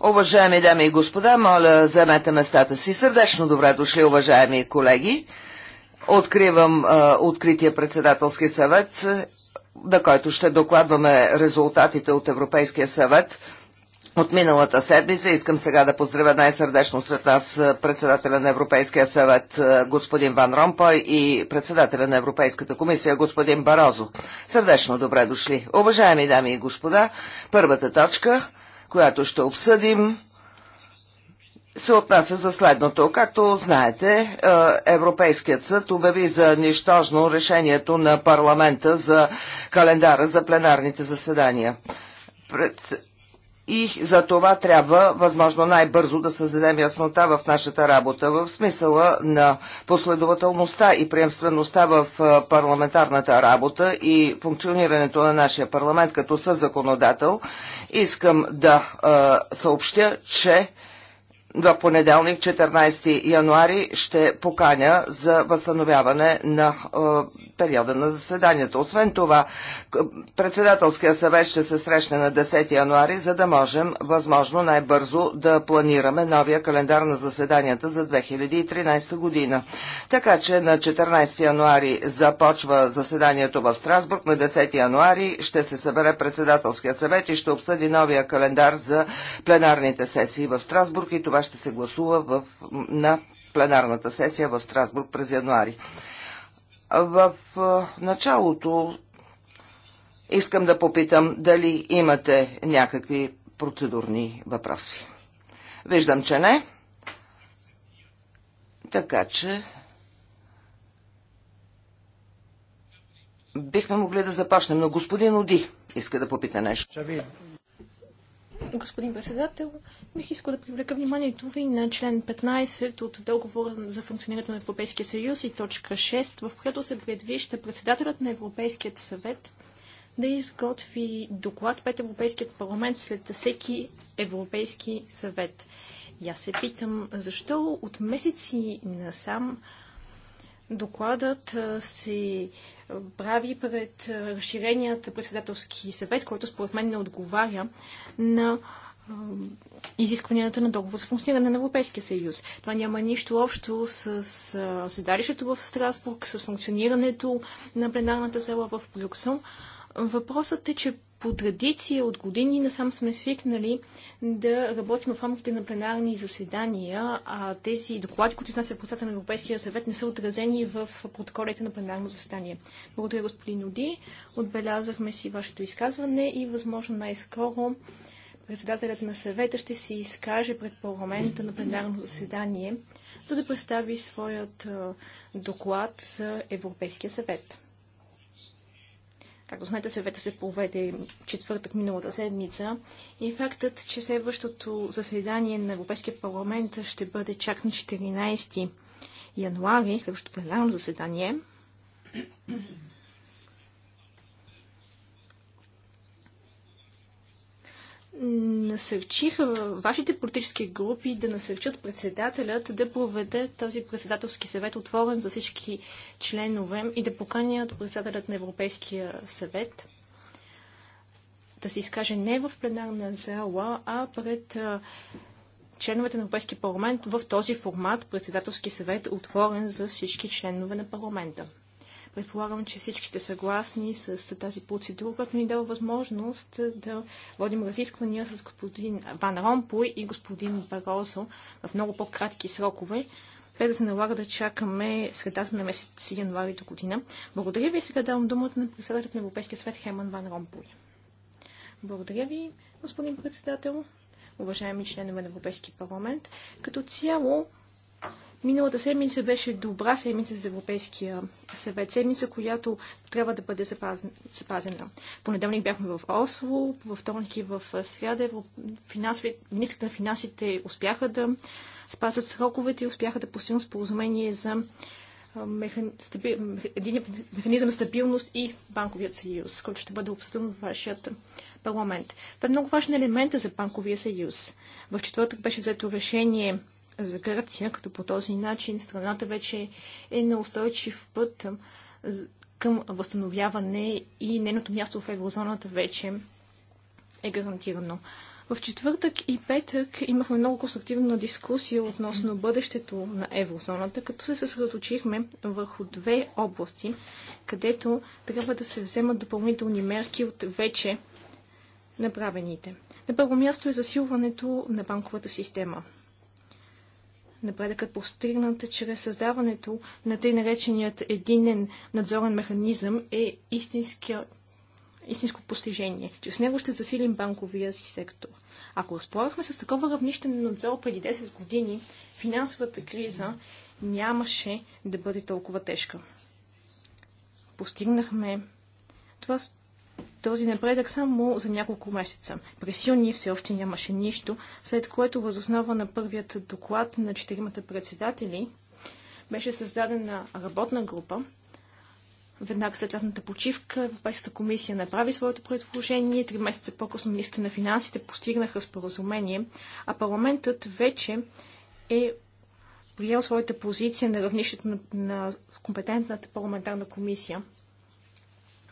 Уважаеми дами и господа, моля, заемете местата си. Сърдечно добре дошли, уважаеми колеги. Откривам а, открития председателски съвет, на който ще докладваме резултатите от Европейския съвет от миналата седмица. Искам сега да поздравя най-сърдечно сред нас председателя на Европейския съвет господин Ван Ромпой и председателя на Европейската комисия господин Барозо. Сърдечно добре дошли. Уважаеми дами и господа, първата точка, която ще обсъдим, се отнася за следното. Както знаете, Европейският съд обяви за нищожно решението на парламента за календара за пленарните заседания. Пред и за това трябва възможно най-бързо да създадем яснота в нашата работа в смисъла на последователността и приемствеността в парламентарната работа и функционирането на нашия парламент като съзаконодател. Искам да е, съобщя, че в понеделник, 14 януари, ще поканя за възстановяване на периода на заседанието. Освен това, председателския съвет ще се срещне на 10 януари, за да можем възможно най-бързо да планираме новия календар на заседанията за 2013 година. Така че на 14 януари започва заседанието в Страсбург, на 10 януари ще се събере председателския съвет и ще обсъди новия календар за пленарните сесии в Страсбург и това ще се гласува в, на пленарната сесия в Страсбург през януари. В началото искам да попитам дали имате някакви процедурни въпроси. Виждам, че не. Така че бихме могли да започнем, но господин Оди иска да попита нещо. Господин председател, бих искал да привлека вниманието ви на член 15 от договора за функционирането на Европейския съюз и точка 6, в която се предвижда председателят на Европейският съвет да изготви доклад пред Европейският парламент след всеки Европейски съвет. И аз се питам, защо от месеци насам докладът се прави пред разширеният председателски съвет, който според мен не отговаря на изискванията на договор за функциониране на Европейския съюз. Това няма нищо общо с, седалището в Страсбург, с функционирането на пленарната зала в Брюксел. Въпросът е, че по традиция от години насам сме свикнали да работим в рамките на пленарни заседания, а тези доклади, които изнася председател на Европейския съвет, не са отразени в протоколите на пленарно заседание. Благодаря, господин Оди. Отбелязахме си вашето изказване и възможно най-скоро председателят на съвета ще се изкаже пред парламента на пленарно заседание, за да представи своят доклад за Европейския съвет. Както знаете, съвета се проведе четвъртък миналата седмица и фактът, че следващото заседание на Европейския парламент ще бъде чак на 14 януари, следващото пленарно заседание, насърчиха вашите политически групи да насърчат председателят да проведе този председателски съвет отворен за всички членове и да поканят председателят на Европейския съвет да се изкаже не в пленарна зала, а пред членовете на Европейския парламент в този формат председателски съвет отворен за всички членове на парламента. Предполагам, че всички сте съгласни с тази процедура, която ни дава възможност да водим разисквания с господин Ван Ромпой и господин Барозо в много по-кратки срокове, без да се налага да чакаме средата на месец януари до година. Благодаря ви и сега давам думата на председателят на Европейския свет Хеман Ван Ромпой. Благодаря ви, господин председател, уважаеми членове на Европейския парламент. Като цяло Миналата седмица беше добра седмица за Европейския съвет, седмица, която трябва да бъде запазена. Понеделник бяхме в Осло, във вторник и в сряда министрите на финансите успяха да спазят сроковете и успяха да постигнат споразумение за един механизъм стабилност и банковият съюз, който ще бъде обсъден в вашият парламент. Това е много важен елемент за банковия съюз. В четвъртък беше взето решение за Гърция, като по този начин страната вече е на устойчив път към възстановяване и нейното място в еврозоната вече е гарантирано. В четвъртък и петък имахме много конструктивна дискусия относно бъдещето на еврозоната, като се съсредоточихме върху две области, където трябва да се вземат допълнителни мерки от вече направените. На първо място е засилването на банковата система напредъкът постигнат чрез създаването на тъй нареченият единен надзорен механизъм е истинския истинско постижение. Чрез него ще засилим банковия си сектор. Ако разполагахме с такова равнище на надзор преди 10 години, финансовата криза нямаше да бъде толкова тежка. Постигнахме това този напредък само за няколко месеца. През юни все още нямаше нищо, след което възоснова на първият доклад на четиримата председатели беше създадена работна група. Веднага след лятната почивка Европейската комисия направи своето предложение. Три месеца по-късно министър на финансите постигнаха споразумение, а парламентът вече е приел своята позиция на равнището на, на компетентната парламентарна комисия –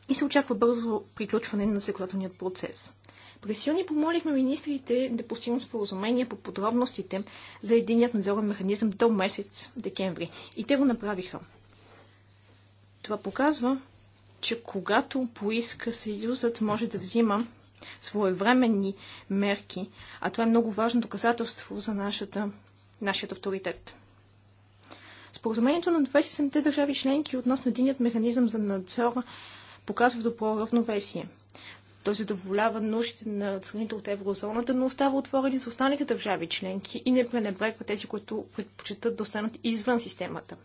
и се очаква бързо приключване на законодателният процес. През юни помолихме министрите да постигнат споразумение по подробностите за единият надзорен механизъм до месец декември. И те го направиха. Това показва, че когато поиска Съюзът може да взима своевременни мерки, а това е много важно доказателство за нашата, нашият авторитет. Споразумението на 27-те държави членки относно единият механизъм за надзора показва добро равновесие. Той задоволява нуждите на страните от еврозоната, но остава отворени за останалите държави членки и не пренебрегва тези, които предпочитат да останат извън системата.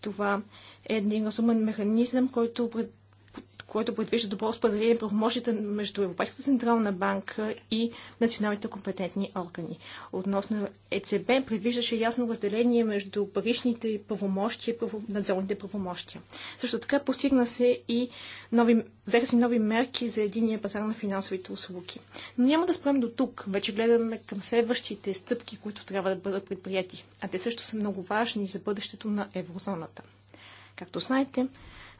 Това е един разумен механизъм, който пред което предвижда добро споделение правомощите между Европейската централна банка и националните компетентни органи. Относно ЕЦБ предвиждаше ясно разделение между паричните правомощия и надзорните правомощия. Също така постигна се и нови, взеха се нови мерки за единия пазар на финансовите услуги. Но няма да спрем до тук. Вече гледаме към следващите стъпки, които трябва да бъдат предприяти. А те също са много важни за бъдещето на еврозоната. Както знаете,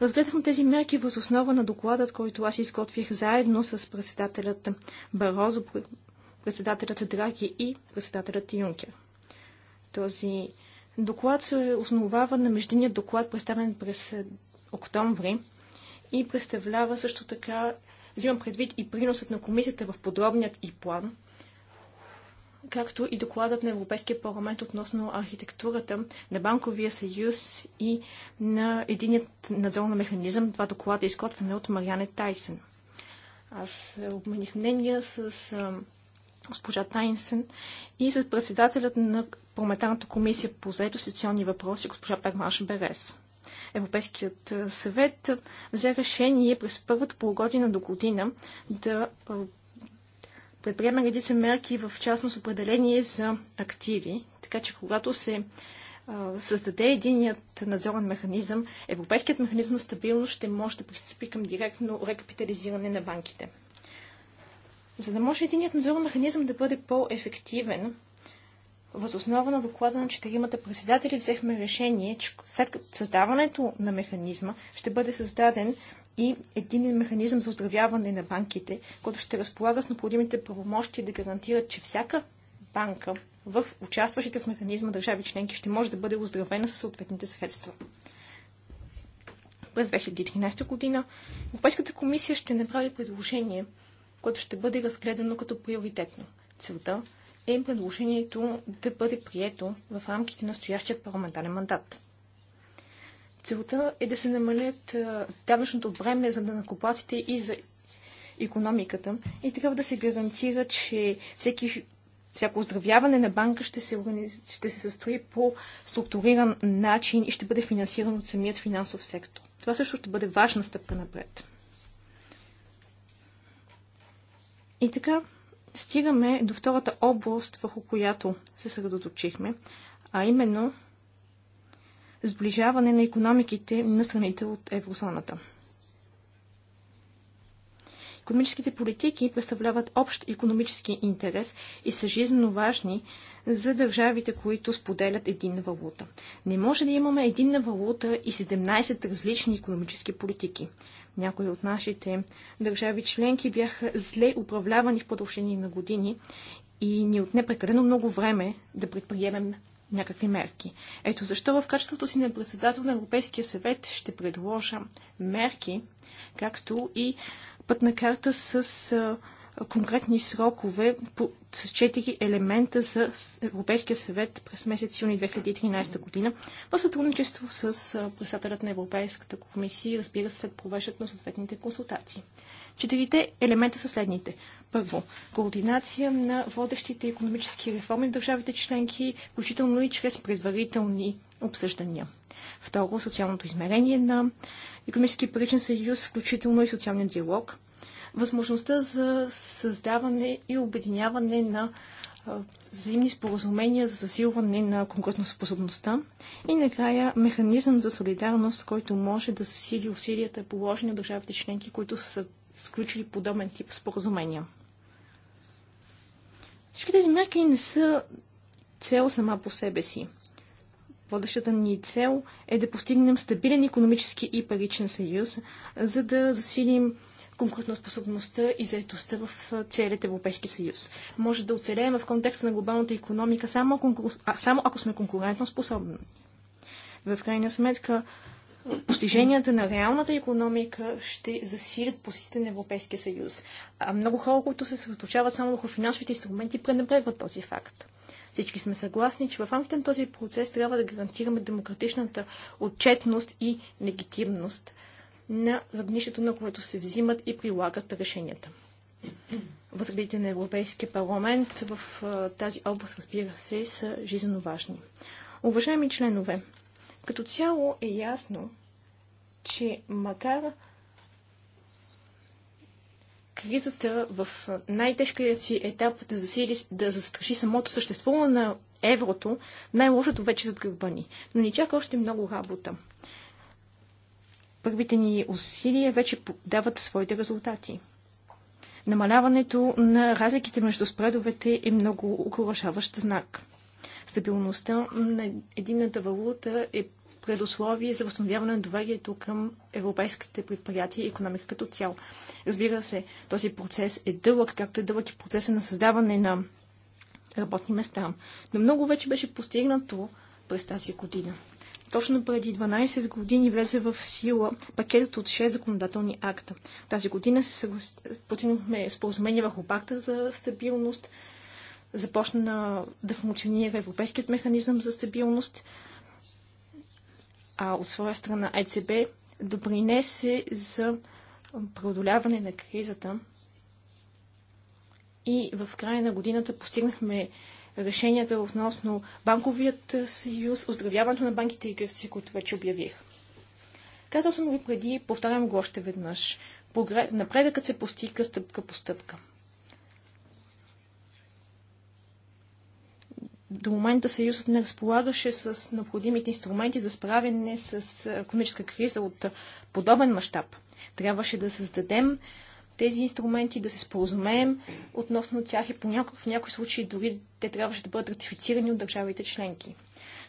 Разгледахме тези мерки въз основа на докладът, който аз изготвих заедно с председателят Барозо, председателят Драги и председателят Юнкер. Този доклад се основава на междинният доклад, представен през е, октомври и представлява също така, взимам предвид и приносът на комисията в подробният и план, както и докладът на Европейския парламент относно архитектурата на Банковия съюз и на единият надзорен механизъм. Два доклада изготвени от Мариане Тайсен. Аз е, обмених мнения с е, госпожа Тайнсен и с председателят на парламентарната комисия по заето социални въпроси, госпожа Пермаш Берес. Европейският е, съвет взе решение през първата полугодина до година да предприема редица мерки, в частност определение за активи. Така че когато се създаде единият надзорен механизъм, европейският механизъм на стабилност ще може да пристъпи към директно рекапитализиране на банките. За да може единият надзорен механизъм да бъде по-ефективен, възоснова на доклада на четиримата председатели взехме решение, че след създаването на механизма ще бъде създаден и един механизъм за оздравяване на банките, който ще разполага с необходимите правомощи да гарантира, че всяка банка в участващите в механизма държави членки ще може да бъде оздравена със съответните средства. През 2013 година Европейската комисия ще направи предложение, което ще бъде разгледано като приоритетно. Целта е предложението да бъде прието в рамките на настоящия парламентарен мандат. Целта е да се намалят данъчното време за данакоплатите и за економиката и трябва да се гарантира, че всеки, всяко оздравяване на банка ще се, организ... ще се състои по структуриран начин и ще бъде финансиран от самият финансов сектор. Това също ще бъде важна стъпка напред. И така, стигаме до втората област, върху която се съсредоточихме, а именно сближаване на економиките на страните от еврозоната. Економическите политики представляват общ економически интерес и са жизненно важни за държавите, които споделят единна валута. Не може да имаме единна валута и 17 различни економически политики. Някои от нашите държави членки бяха зле управлявани в продължение на години и ни отне прекалено много време да предприемем някакви мерки. Ето защо в качеството си на председател на Европейския съвет ще предложа мерки, както и пътна карта с конкретни срокове с четири елемента за Европейския съвет през месец юни 2013 година в сътрудничество с председателят на Европейската комисия и разбира се след провеждането на съответните консултации. Четирите елемента са следните. Първо, координация на водещите економически реформи в държавите членки, включително и чрез предварителни обсъждания. Второ, социалното измерение на економически паричен съюз, включително и социалния диалог. Възможността за създаване и обединяване на взаимни споразумения за засилване на конкурентоспособността и накрая механизъм за солидарност, който може да засили усилията положени от държавите членки, които са сключили подобен тип споразумения. Всички тези мерки не са цел сама по себе си. Водещата ни цел е да постигнем стабилен економически и паричен съюз, за да засилим конкурентоспособността и заетостта в целият Европейски съюз. Може да оцелеем в контекста на глобалната економика само, конкур... а, само ако сме конкурентно способни. В крайна сметка, постиженията на реалната економика ще засилят позицията на Европейския съюз. А много хора, които се съсредоточават само върху финансовите инструменти, пренебрегват този факт. Всички сме съгласни, че в рамките на този процес трябва да гарантираме демократичната отчетност и легитимност на равнището, на което се взимат и прилагат решенията. Възгледите на Европейския парламент в тази област, разбира се, са жизненно важни. Уважаеми членове, като цяло е ясно, че макар кризата в най-тежкият си етап да, засили, да застраши самото съществуване на еврото, най-лошото вече зад гърба ни. Но ни чака още много работа. Първите ни усилия вече дават своите резултати. Намаляването на разликите между спредовете е много окоръжаващ знак. Стабилността на единната валута е предусловие за възстановяване на доверието към европейските предприятия и економика като цяло. Разбира се, този процес е дълъг, както е дълъг и процеса на създаване на работни места. Но много вече беше постигнато през тази година. Точно преди 12 години влезе в сила пакетът от 6 законодателни акта. Тази година се постигнахме споразумение върху пакта за стабилност, започна да функционира Европейският механизъм за стабилност, а от своя страна ЕЦБ допринесе за преодоляване на кризата. И в края на годината постигнахме решенията относно банковият съюз, оздравяването на банките и Гърция, които вече обявих. Казал съм ви преди, повтарям го още веднъж. Напредъкът се постига стъпка по стъпка. до момента Съюзът не разполагаше с необходимите инструменти за справяне с економическа криза от подобен мащаб. Трябваше да създадем тези инструменти, да се споразумеем относно тях и понякога в някои случаи дори те трябваше да бъдат ратифицирани от държавите членки.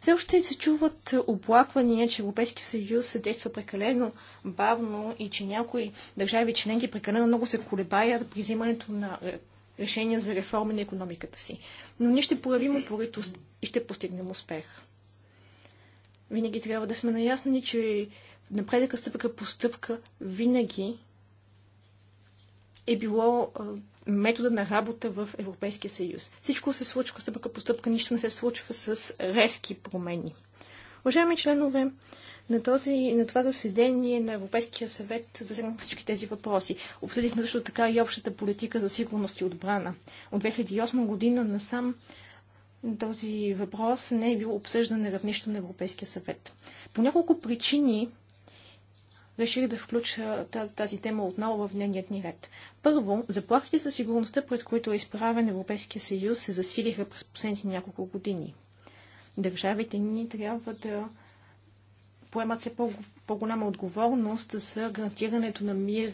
Все още се чуват оплаквания, че Европейския съюз се действа прекалено бавно и че някои държави членки прекалено много се колебаят при взимането на решения за реформа на економиката си. Но ние ще проявим упоритост и ще постигнем успех. Винаги трябва да сме наясни, че напредъка стъпка по стъпка винаги е било метода на работа в Европейския съюз. Всичко се случва стъпка по стъпка, нищо не се случва с резки промени. Уважаеми членове на, този, на това заседение на Европейския съвет засегнахме всички тези въпроси. Обсъдихме също така и общата политика за сигурност и отбрана. От 2008 година насам този въпрос не е бил обсъждан на равнището на Европейския съвет. По няколко причини реших да включа тази, тази тема отново в дневният ни ред. Първо, заплахите за сигурността, пред които е изправен Европейския съюз, се засилиха през последните няколко години. Държавите ни трябва да поемат все по-голяма по отговорност за гарантирането на мир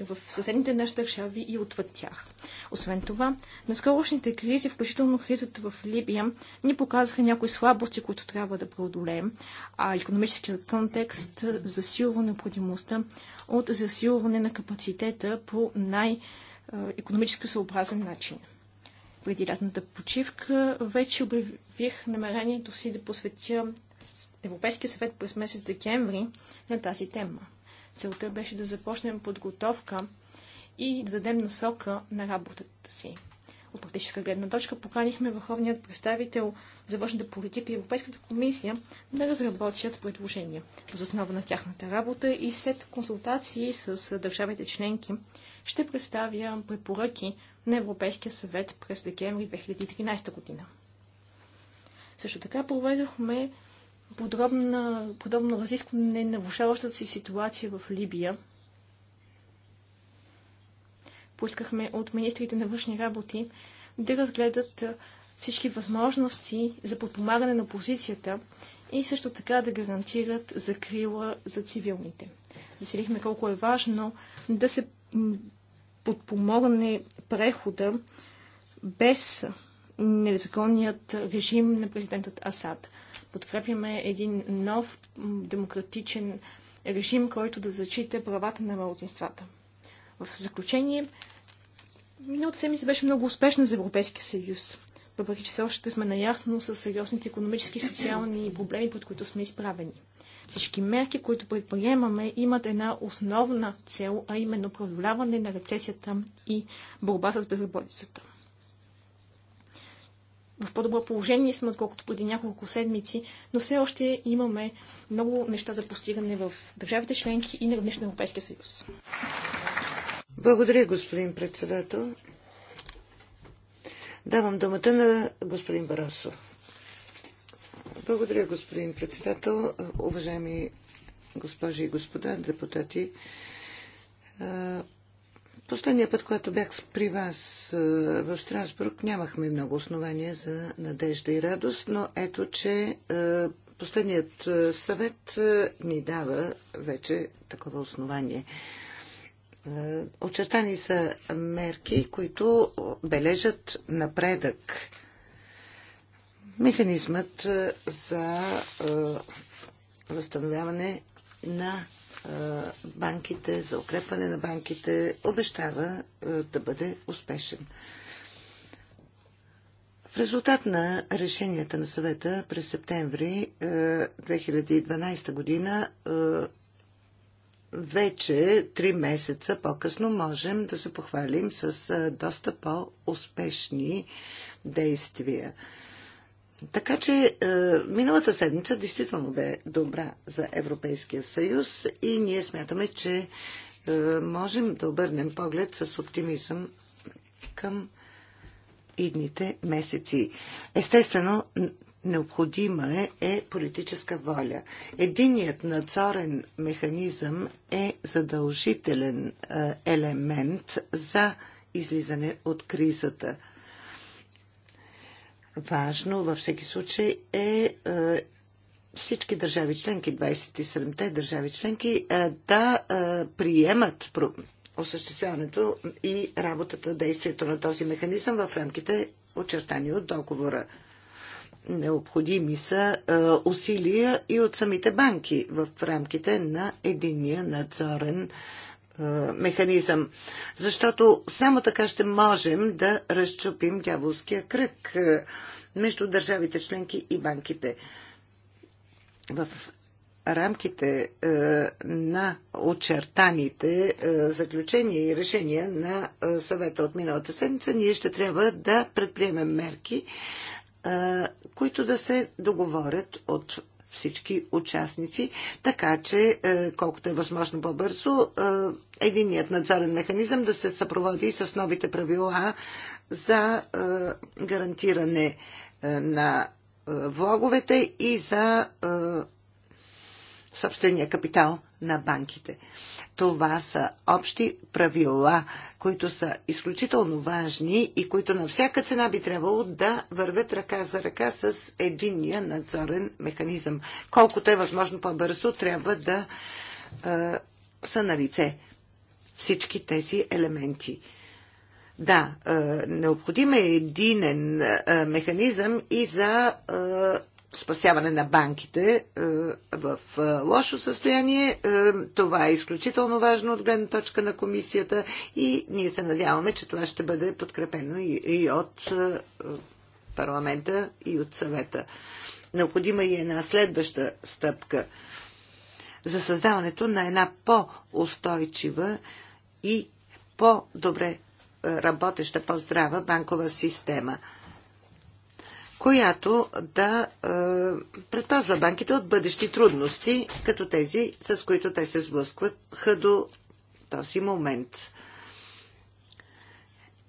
в съседните наши държави и отвъд тях. Освен това, наскорошните кризи, включително кризата в Либия, ни показаха някои слабости, които трябва да преодолеем, а економическият контекст засилва необходимостта от засилване на капацитета по най-економически съобразен начин преди лятната почивка, вече обявих намерението си да посветя Европейския съвет през месец декември на тази тема. Целта беше да започнем подготовка и да дадем насока на работата си. От практическа гледна точка поканихме върховният представител за външната политика и Европейската комисия да разработят предложения. Въз основа на тяхната работа и след консултации с държавите членки ще представя препоръки на Европейския съвет през декември 2013 година. Също така проведохме подробна, подобно разискване на влушаващата си ситуация в Либия. Поискахме от министрите на външни работи да разгледат всички възможности за подпомагане на позицията и също така да гарантират закрила за цивилните. Заселихме колко е важно да се подпомогне прехода без незаконният режим на президентът Асад. Подкрепяме един нов демократичен режим, който да зачита правата на малцинствата. В заключение, миналата седмица беше много успешна за Европейския съюз въпреки че все още сме наясно с сериозните економически и социални проблеми, под които сме изправени. Всички мерки, които предприемаме, имат една основна цел, а именно преодоляване на рецесията и борба с безработицата в по-добро положение сме, отколкото преди няколко седмици, но все още имаме много неща за постигане в държавите членки и на равнище на Европейския съюз. Благодаря, господин председател. Давам думата на господин Барасо. Благодаря, господин председател. Уважаеми госпожи и господа депутати, Последния път, когато бях при вас в Страсбург, нямахме много основания за надежда и радост, но ето, че последният съвет ни дава вече такова основание. Очертани са мерки, които бележат напредък. Механизмът за възстановяване на банките, за укрепване на банките, обещава да бъде успешен. В резултат на решенията на съвета през септември 2012 година вече три месеца по-късно можем да се похвалим с доста по-успешни действия така че е, миналата седмица действително бе добра за Европейския съюз и ние смятаме, че е, можем да обърнем поглед с оптимизъм към идните месеци. Естествено, необходима е, е политическа воля. Единият надзорен механизъм е задължителен е, елемент за излизане от кризата – Важно във всеки случай е, е всички държави членки, 27-те държави членки, е, да е, приемат осъществяването и работата, действието на този механизъм в рамките очертани от договора. Необходими са усилия и от самите банки в рамките на единия надзорен механизъм е, механизъм. Защото само така ще можем да разчупим дяволския кръг е, между държавите членки и банките. В рамките е, на очертаните заключения и решения на съвета от миналата седмица, ние ще трябва да предприемем мерки, които да се договорят от всички участници, така че е, колкото е възможно по-бързо е, единият надзорен механизъм да се съпроводи с новите правила за е, гарантиране на влоговете и за собствения капитал на банките. Това са общи правила, които са изключително важни и които на всяка цена би трябвало да вървят ръка за ръка с единния надзорен механизъм. Колкото е възможно по-бързо, трябва да е, са на лице всички тези елементи. Да, е, необходим е единен е, механизъм и за е, спасяване на банките е, в е, лошо състояние. Е, това е изключително важно от гледна точка на комисията и ние се надяваме, че това ще бъде подкрепено и от парламента, и от съвета. Необходима и една следваща стъпка за създаването на една по-устойчива и по-добре работеща, по-здрава банкова система – която да е, предпазва банките от бъдещи трудности, като тези, с които те се сблъскваха до този момент.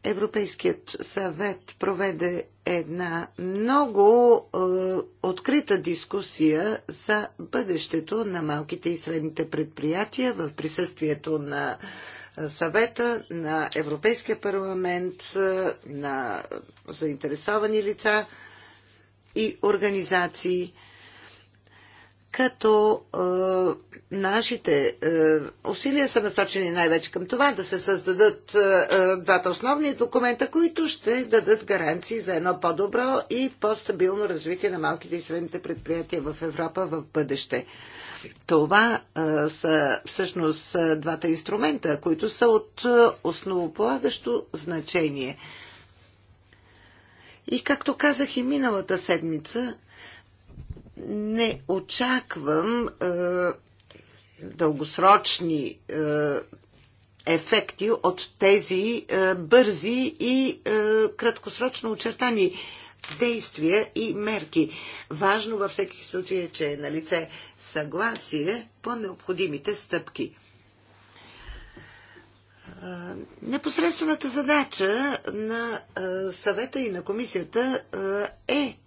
Европейският съвет проведе една много е, открита дискусия за бъдещето на малките и средните предприятия в присъствието на е, съвета, на Европейския парламент, е, на заинтересовани лица, и организации, като е, нашите е, усилия са насочени най-вече към това да се създадат е, е, двата основни документа, които ще дадат гаранции за едно по-добро и по-стабилно развитие на малките и средните предприятия в Европа в бъдеще. Това е, са всъщност е, двата инструмента, които са от е, основополагащо значение – и както казах и миналата седмица, не очаквам е, дългосрочни е, ефекти от тези е, бързи и е, краткосрочно очертани действия и мерки. Важно във всеки случай е, че е на лице съгласие по необходимите стъпки. Непосредствената задача на съвета и на комисията е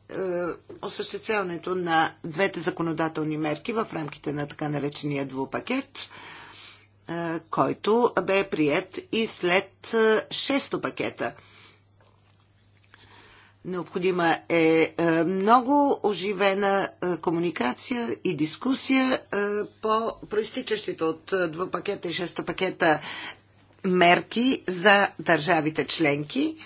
осъществяването на двете законодателни мерки в рамките на така наречения двупакет, който бе прият и след шесто пакета. Необходима е много оживена комуникация и дискусия по проистичащите от двупакета и шеста пакета мерки за държавите членки,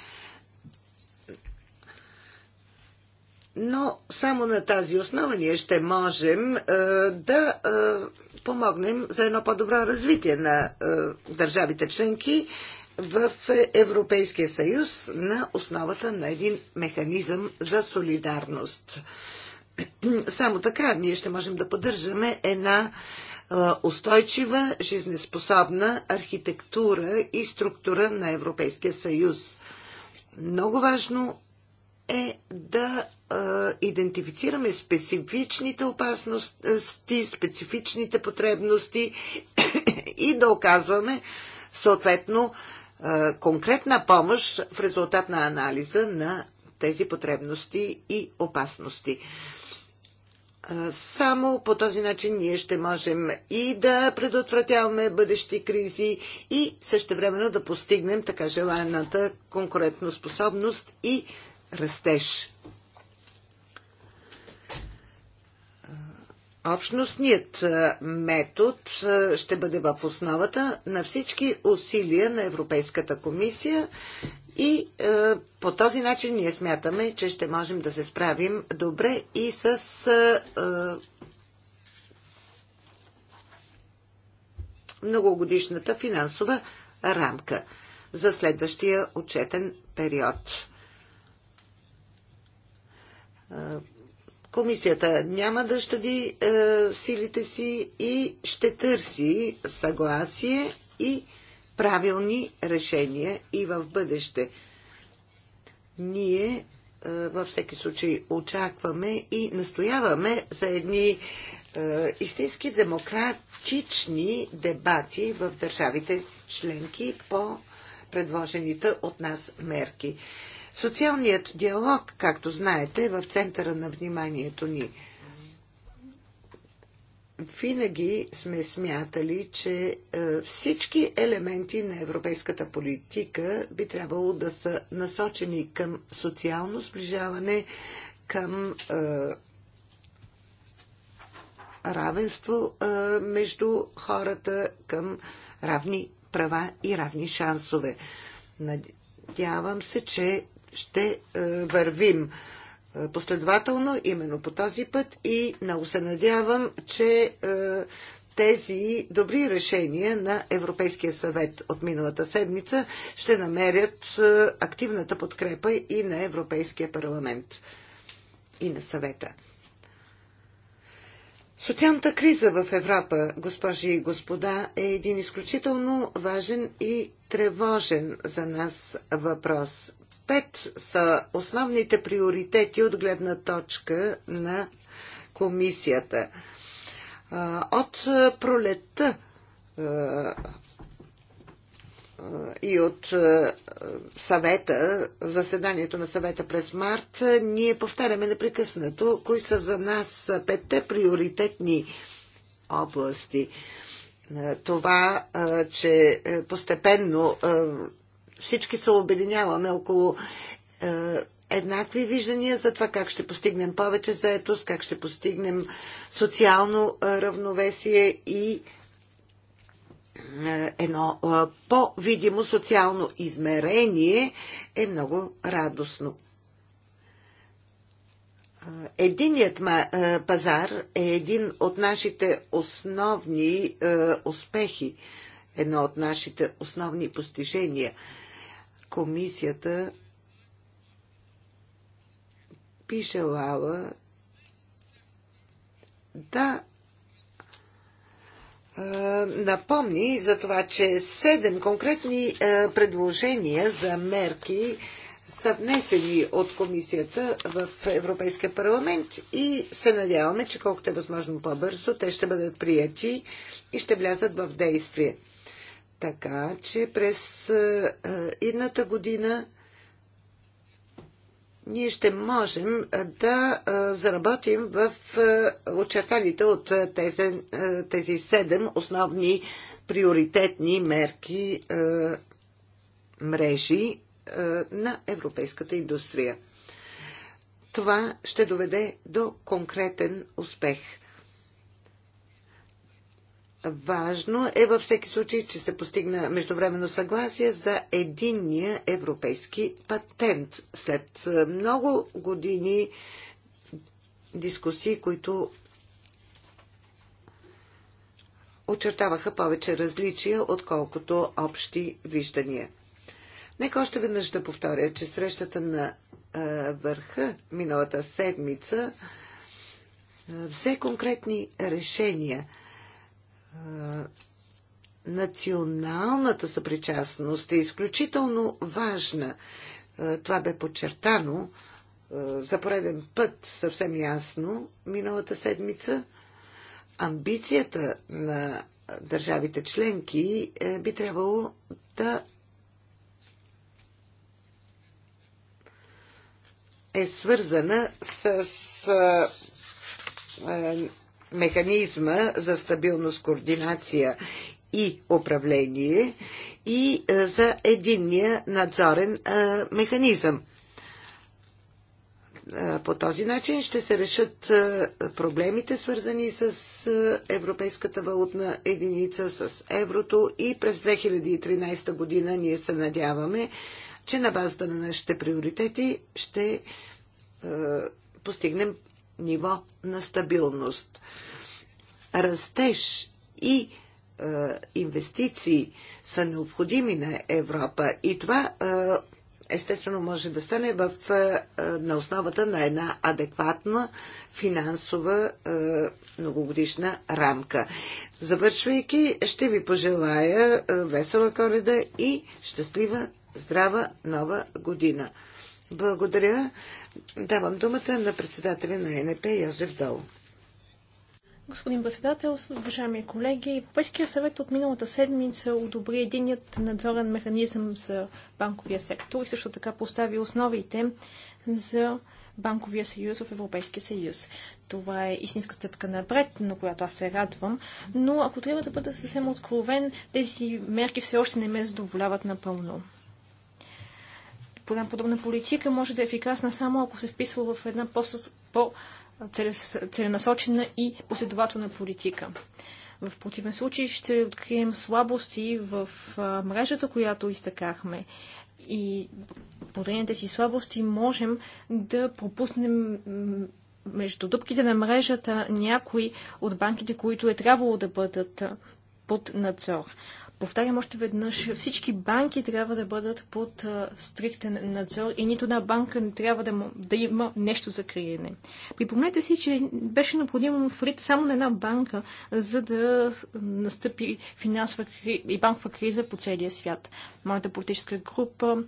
но само на тази основа ние ще можем е, да е, помогнем за едно по-добро развитие на е, държавите членки в Европейския съюз на основата на един механизъм за солидарност. Само така ние ще можем да поддържаме една е, устойчива, жизнеспособна архитектура и структура на Европейския съюз. Много важно е да идентифицираме специфичните опасности, специфичните потребности и да оказваме съответно конкретна помощ в резултат на анализа на тези потребности и опасности. Само по този начин ние ще можем и да предотвратяваме бъдещи кризи и същевременно да постигнем така желаната конкурентоспособност и растеж. Общностният метод ще бъде в основата на всички усилия на Европейската комисия и е, по този начин ние смятаме, че ще можем да се справим добре и с е, е многогодишната финансова рамка за следващия отчетен период. Е, комисията няма да щади е, силите си и ще търси съгласие и правилни решения и в бъдеще. Ние е, във всеки случай очакваме и настояваме за едни е, истински демократични дебати в държавите членки по предложените от нас мерки. Социалният диалог, както знаете, е в центъра на вниманието ни винаги сме смятали, че е, всички елементи на европейската политика би трябвало да са насочени към социално сближаване, към е, равенство е, между хората, към равни права и равни шансове. Надявам се, че ще вървим е, последователно именно по този път и много се надявам, че е, тези добри решения на Европейския съвет от миналата седмица ще намерят е, активната подкрепа и на Европейския парламент и на съвета. Социалната криза в Европа, госпожи и господа, е един изключително важен и тревожен за нас въпрос. Пет са основните приоритети от гледна точка на комисията. От пролетта и от е, съвета, заседанието на съвета през март, ние повтаряме непрекъснато, кои са за нас петте приоритетни области. Е, това, е, че постепенно всички се обединяваме около еднакви виждания за това как ще постигнем повече заетост, как ще постигнем социално равновесие и е, едно е, по-видимо социално измерение е много радостно. Е, единият пазар е един от нашите основни успехи, едно от нашите основни постижения. Комисията би желала да напомни за това, че седем конкретни предложения за мерки са внесени от комисията в Европейския парламент и се надяваме, че колкото е възможно по-бързо, те ще бъдат прияти и ще влязат в действие. Така че през идната година ние ще можем да заработим в очертаните от тези, тези седем основни приоритетни мерки мрежи на европейската индустрия. Това ще доведе до конкретен успех – Важно е във всеки случай, че се постигна междувременно съгласие за единния европейски патент. След много години дискусии, които очертаваха повече различия, отколкото общи виждания. Нека още веднъж да повторя, че срещата на е, върха миналата седмица е, все конкретни решения – националната съпричастност е изключително важна. Това бе подчертано за пореден път съвсем ясно миналата седмица. Амбицията на държавите членки е, би трябвало да е свързана с е, механизма за стабилност, координация и управление и е, за единния надзорен е, механизъм. Е, по този начин ще се решат проблемите, свързани с Европейската валутна единица, с еврото и през 2013 година ние се надяваме, че на базата на нашите приоритети ще постигнем ниво на стабилност. Растеж и е, инвестиции са необходими на Европа и това е, естествено може да стане в, е, е, на основата на една адекватна финансова е, многогодишна рамка. Завършвайки, ще ви пожелая е, весела коледа и щастлива, здрава нова година. Благодаря. Давам думата на председателя на НП Йозеф Дол. Господин председател, уважаеми колеги, Европейския съвет от миналата седмица одобри единият надзорен механизъм за банковия сектор и също така постави основите за банковия съюз в Европейския съюз. Това е истинска стъпка напред, на която аз се радвам, но ако трябва да бъда съвсем откровен, тези мерки все още не ме задоволяват напълно подобна политика може да е ефикасна само ако се вписва в една по-целенасочена и последователна политика. В противен случай ще открием слабости в мрежата, която изтъкахме. И благодарение тези слабости можем да пропуснем между дупките на мрежата някои от банките, които е трябвало да бъдат под надзор. Повтарям още веднъж, всички банки трябва да бъдат под стриктен надзор и нито една банка не трябва да, да има нещо за криене. Припомнете си, че беше необходимо фалит само на една банка, за да настъпи финансова и банкова криза по целия свят. Моята политическа група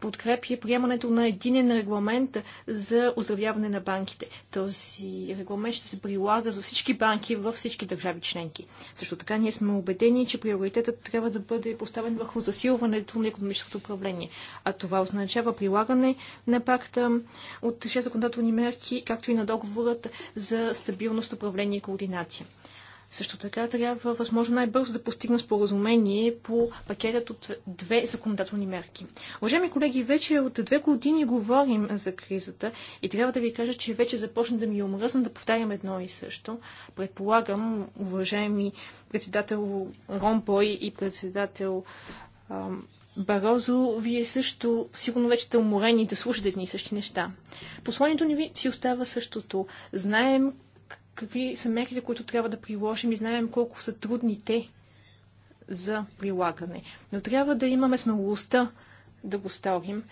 подкрепи приемането на единен регламент за оздравяване на банките. Този регламент ще се прилага за всички банки във всички държави членки. Също така ние сме убедени, че приоритетът трябва да бъде поставен върху засилването на економическото управление. А това означава прилагане на пакта от 6 законодателни мерки, както и на договорът за стабилност, управление и координация. Също така трябва възможно най-бързо да постигна споразумение по пакетът от две законодателни мерки. Уважаеми колеги, вече от две години говорим за кризата и трябва да ви кажа, че вече започна да ми е омръзна да повтарям едно и също. Предполагам, уважаеми председател Ромпой и председател ам, Барозо, вие също сигурно вече сте уморени да слушате едни и същи неща. Посланието ни ви си остава същото. Знаем какви са мерките, които трябва да приложим и знаем колко са трудни те за прилагане. Но трябва да имаме смелостта да го сторим.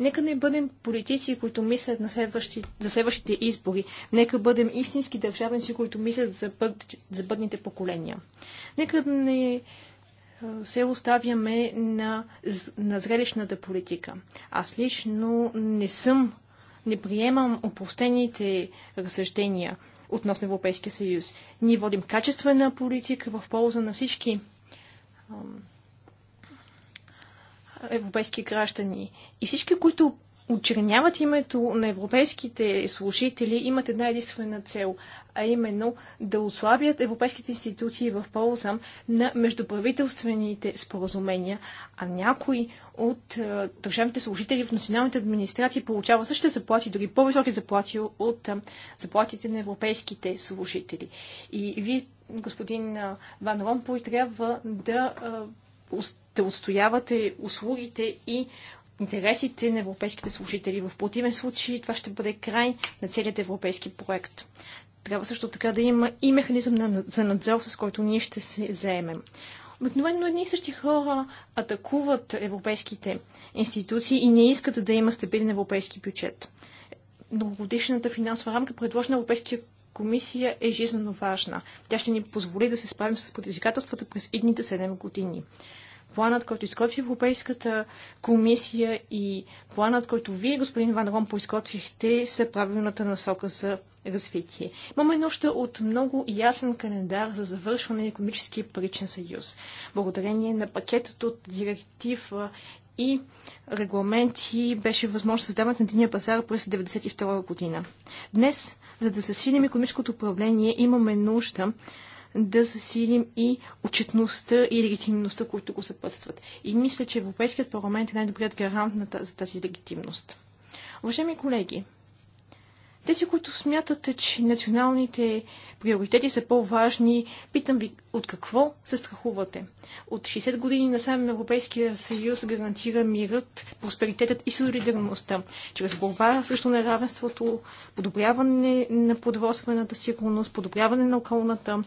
Нека не бъдем политици, които мислят на следващи, за следващите избори. Нека бъдем истински държавници, които мислят за, бъд, за бъдните поколения. Нека да не се оставяме на, на зрелищната политика. Аз лично не съм, не приемам опростените разсъждения относно Европейския съюз. Ние водим качествена политика в полза на всички европейски граждани. И всички, които очерняват името на европейските служители, имат една единствена цел, а именно да ослабят европейските институции в полза на междуправителствените споразумения, а някои от е, държавните служители в националните администрации получава същите заплати, дори по-високи заплати от е, заплатите на европейските служители. И вие, господин е, Ван Ромпой, трябва да, е, да отстоявате услугите и интересите на европейските служители. В противен случай това ще бъде край на целият европейски проект. Трябва също така да има и механизъм на, за надзор, с който ние ще се заемем. Обикновено едни и същи хора атакуват европейските институции и не искат да има стабилен европейски бюджет. Многогодишната финансова рамка, предложена Европейския комисия е жизненно важна. Тя ще ни позволи да се справим с предизвикателствата през идните 7 години планът, който изготви Европейската комисия и планът, който вие, господин Ван Ром, изготвихте, са правилната насока за развитие. Имаме нужда от много ясен календар за завършване на економически паричен съюз. Благодарение на пакетът от директив и регламенти беше възможно създаването на единия пазар през 1992 година. Днес, за да засилим економическото управление, имаме нужда да засилим и отчетността и легитимността, които го съпътстват. И мисля, че Европейският парламент е най-добрият гарант на тази, тази легитимност. Уважаеми колеги, тези, които смятате, че националните приоритети са по-важни, питам ви от какво се страхувате. От 60 години насам Европейския съюз гарантира мирът, просперитетът и солидарността, чрез борба срещу неравенството, подобряване на продоволствената сигурност, подобряване на околната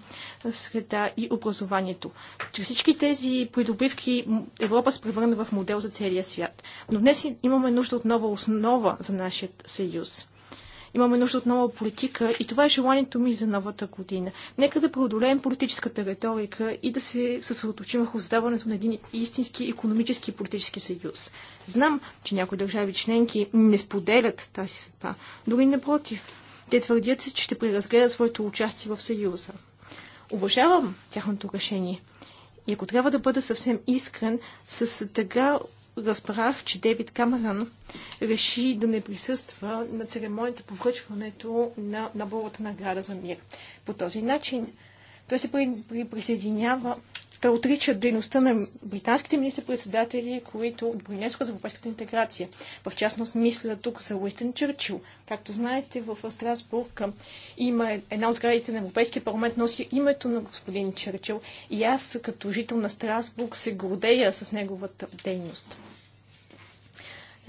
среда и образованието. Чрез всички тези придобивки Европа се превърна в модел за целия свят. Но днес имаме нужда от нова основа за нашия съюз. Имаме нужда от нова политика и това е желанието ми за новата година. Нека да преодолеем политическата риторика и да се съсредоточим върху създаването на един истински економически и политически съюз. Знам, че някои държави членки не споделят тази съдба. Дори напротив, те твърдят, че ще преразгледат своето участие в съюза. Уважавам тяхното решение. И ако трябва да бъда съвсем искрен, с тъга разбрах, че Дейвид Камеран реши да не присъства на церемонията по връчването на Нобеловата награда за мир. По този начин той се присъединява те отричат дейността на британските министр-председатели, които донесоха за европейската интеграция. В частност, мисля тук за Уистън Чърчил. Както знаете, в Страсбург има една от сградите на Европейския парламент, носи името на господин Чърчил и аз като жител на Страсбург се гордея с неговата дейност.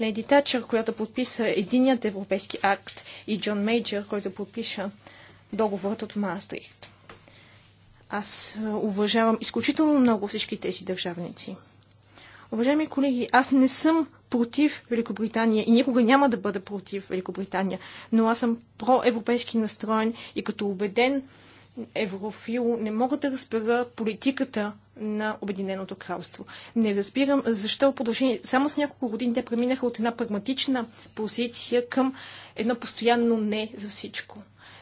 Леди Тачър, която подписа единият европейски акт и Джон Мейджър, който подпиша договорът от Маастрихт. Аз е, уважавам изключително много всички тези държавници. Уважаеми колеги, аз не съм против Великобритания и никога няма да бъда против Великобритания, но аз съм проевропейски настроен и като убеден еврофил не мога да разбера политиката на Обединеното кралство. Не разбирам защо продължение само с няколко години те преминаха от една прагматична позиция към едно постоянно не за всичко.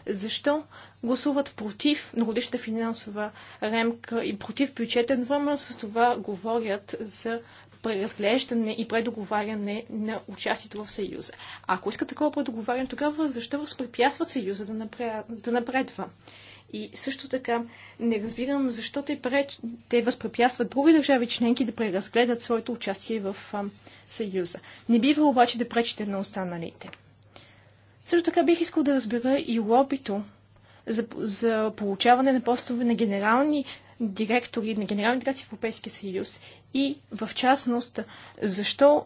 Защо гласуват против многодишната финансова ремка и против бюджета, едновременно с това говорят за преразглеждане и предоговаряне на участието в Съюза. А ако искат такова предоговаряне, тогава защо възпрепятстват Съюза да, напред, да напредва? И също така не разбирам защо те, преч... те възпрепятстват други държави членки да преразгледат своето участие в а, Съюза. Не бива обаче да пречите на останалите. Също така бих искал да разбера и лобито за, за получаване на постове на генерални директори, на генерални дирекции в Европейския съюз и в частност защо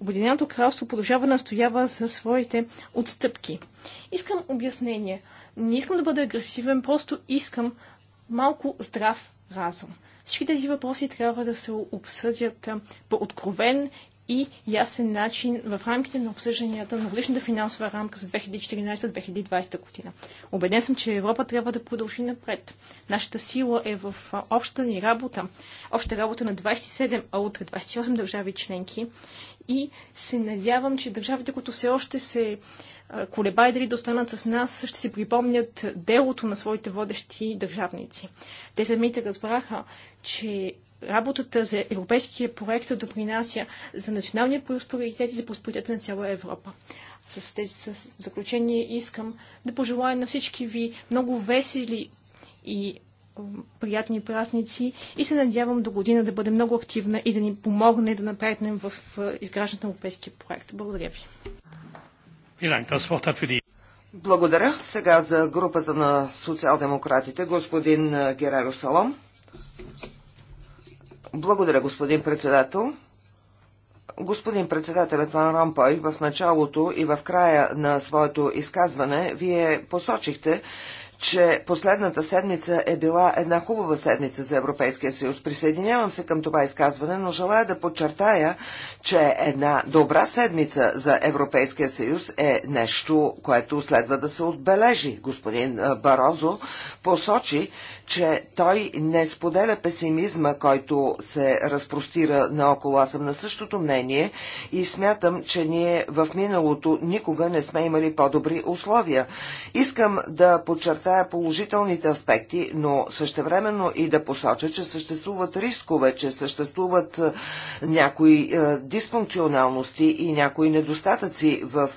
Обединеното кралство продължава да настоява за своите отстъпки. Искам обяснение. Не искам да бъда агресивен, просто искам малко здрав разум. Всички тези въпроси трябва да се обсъдят по откровен и ясен начин в рамките на обсъжданията на годишната финансова рамка за 2014-2020 година. Обеден съм, че Европа трябва да продължи напред. Нашата сила е в общата ни работа, обща работа на 27, а утре 28 държави членки и се надявам, че държавите, които все още се колебае дали да останат с нас, ще си припомнят делото на своите водещи държавници. Те самите разбраха, че работата за европейския проект допринася за националния просперитет и за просперитета на цяла Европа. С тези с заключение искам да пожелая на всички ви много весели и приятни празници и се надявам до година да бъде много активна и да ни помогне да напреднем в изграждането на европейския проект. Благодаря ви. Благодаря. Сега за групата на социал-демократите господин Гераро Салом. Благодаря, господин председател. Господин председателят Ван Ромпой, в началото и в края на своето изказване, вие посочихте, че последната седмица е била една хубава седмица за Европейския съюз. Присъединявам се към това изказване, но желая да подчертая, че една добра седмица за Европейския съюз е нещо, което следва да се отбележи. Господин Барозо посочи, че той не споделя песимизма, който се разпростира наоколо. Аз съм на същото мнение и смятам, че ние в миналото никога не сме имали по-добри условия. Искам да подчертая положителните аспекти, но същевременно и да посоча, че съществуват рискове, че съществуват е, някои е, дисфункционалности и някои недостатъци в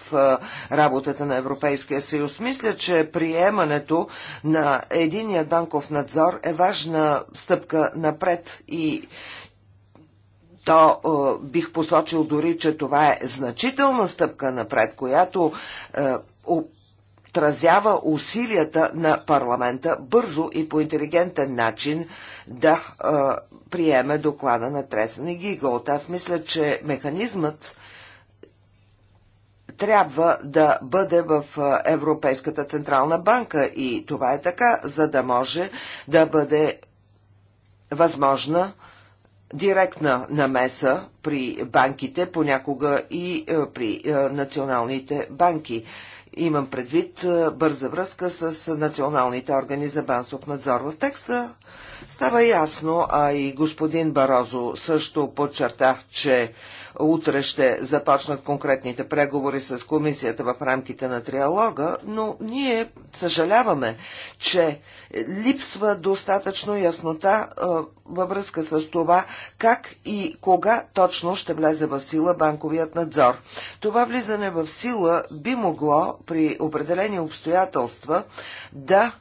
е, работата на Европейския съюз. Мисля, че приемането на единият банков на надзор е важна стъпка напред и то е, бих посочил дори, че това е значителна стъпка напред, която е, отразява усилията на парламента бързо и по интелигентен начин да е, приеме доклада на Тресен и Гигълт. Аз мисля, че механизмът трябва да бъде в Европейската централна банка и това е така, за да може да бъде възможна директна намеса при банките, понякога и при националните банки. Имам предвид бърза връзка с националните органи за бансов надзор. В текста става ясно, а и господин Барозо също подчертах, че Утре ще започнат конкретните преговори с комисията в рамките на триалога, но ние съжаляваме, че липсва достатъчно яснота във връзка с това как и кога точно ще влезе в сила банковият надзор. Това влизане в сила би могло при определени обстоятелства да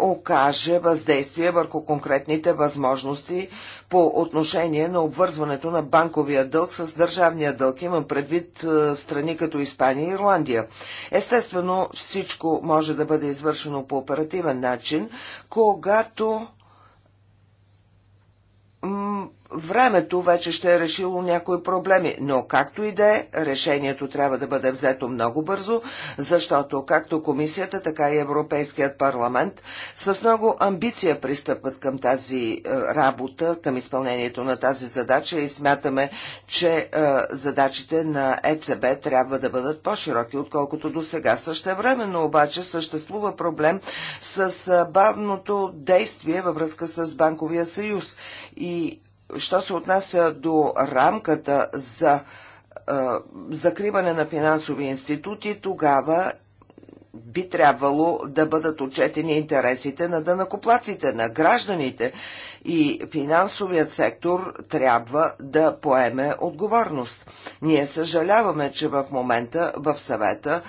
окаже въздействие върху конкретните възможности по отношение на обвързването на банковия дълг с държавния дълг. Имам предвид е, страни като Испания и Ирландия. Естествено, всичко може да бъде извършено по оперативен начин, когато Времето вече ще е решило някои проблеми, но както и да е, решението трябва да бъде взето много бързо, защото както комисията, така и Европейският парламент с много амбиция пристъпват към тази е, работа, към изпълнението на тази задача и смятаме, че е, задачите на ЕЦБ трябва да бъдат по-широки, отколкото до сега. но обаче съществува проблем с е, бавното действие във връзка с Банковия съюз и що се отнася до рамката за е, закриване на финансови институти, тогава би трябвало да бъдат отчетени интересите на дънакоплаците, на гражданите и финансовият сектор трябва да поеме отговорност. Ние съжаляваме, че в момента в съвета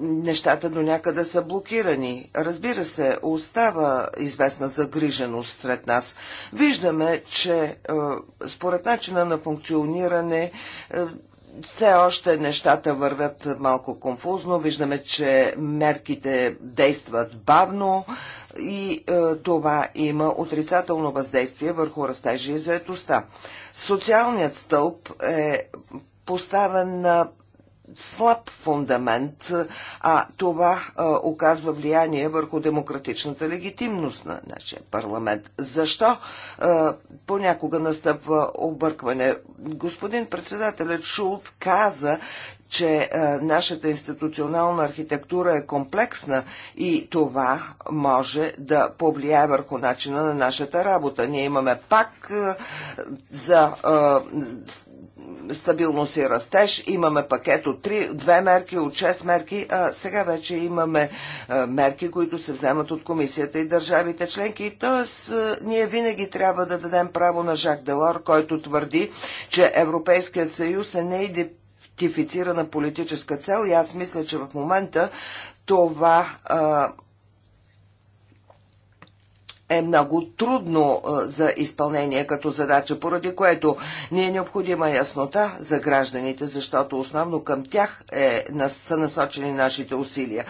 нещата до някъде са блокирани. Разбира се, остава известна загриженост сред нас. Виждаме, че е, според начина на функциониране е, все още нещата вървят малко конфузно. Виждаме, че мерките действат бавно и е, това има отрицателно въздействие върху растежи и заетостта. Социалният стълб е поставен на слаб фундамент, а това а, оказва влияние върху демократичната легитимност на нашия парламент. Защо а, понякога настъпва объркване? Господин председателят Шулц каза, че а, нашата институционална архитектура е комплексна и това може да повлияе върху начина на нашата работа. Ние имаме пак а, за а, стабилност и растеж. Имаме пакет от 3, 2 мерки, от 6 мерки, а сега вече имаме мерки, които се вземат от комисията и държавите членки. Тоест, ние винаги трябва да дадем право на Жак Делор, който твърди, че Европейският съюз е неидентифицирана политическа цел и аз мисля, че в момента това а, е много трудно за изпълнение като задача, поради което ни е необходима яснота за гражданите, защото основно към тях е, са насочени нашите усилия.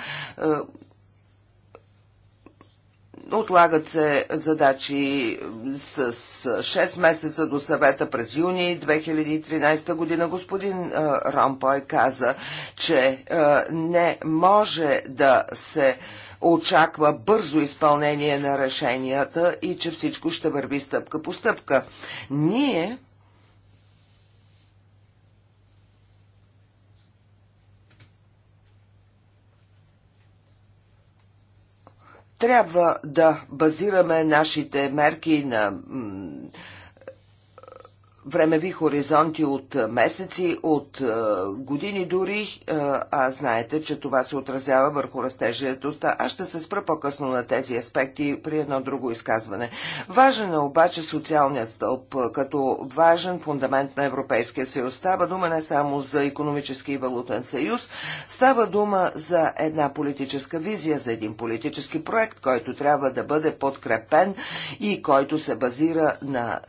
Отлагат се задачи с 6 месеца до съвета през юни 2013 година. Господин Рампой каза, че не може да се очаква бързо изпълнение на решенията и че всичко ще върви стъпка по стъпка. Ние трябва да базираме нашите мерки на времеви хоризонти от е, месеци, от е, години дори, е, а знаете, че това се отразява върху растежиетостта. Аз ще се спра по-късно на тези аспекти при едно друго изказване. Важен е обаче социалният стълб, като важен фундамент на Европейския съюз. Става дума не само за економически и валутен съюз, става дума за една политическа визия, за един политически проект, който трябва да бъде подкрепен и който се базира на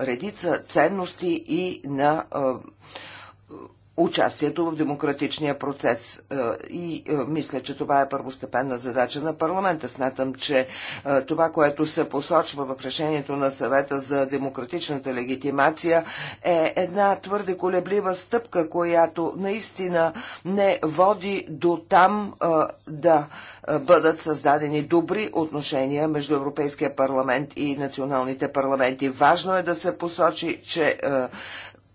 редица ценности ценности и на участието в демократичния процес. И мисля, че това е първостепенна задача на парламента. Смятам, че това, което се посочва в решението на съвета за демократичната легитимация е една твърде колеблива стъпка, която наистина не води до там да бъдат създадени добри отношения между Европейския парламент и националните парламенти. Важно е да се посочи, че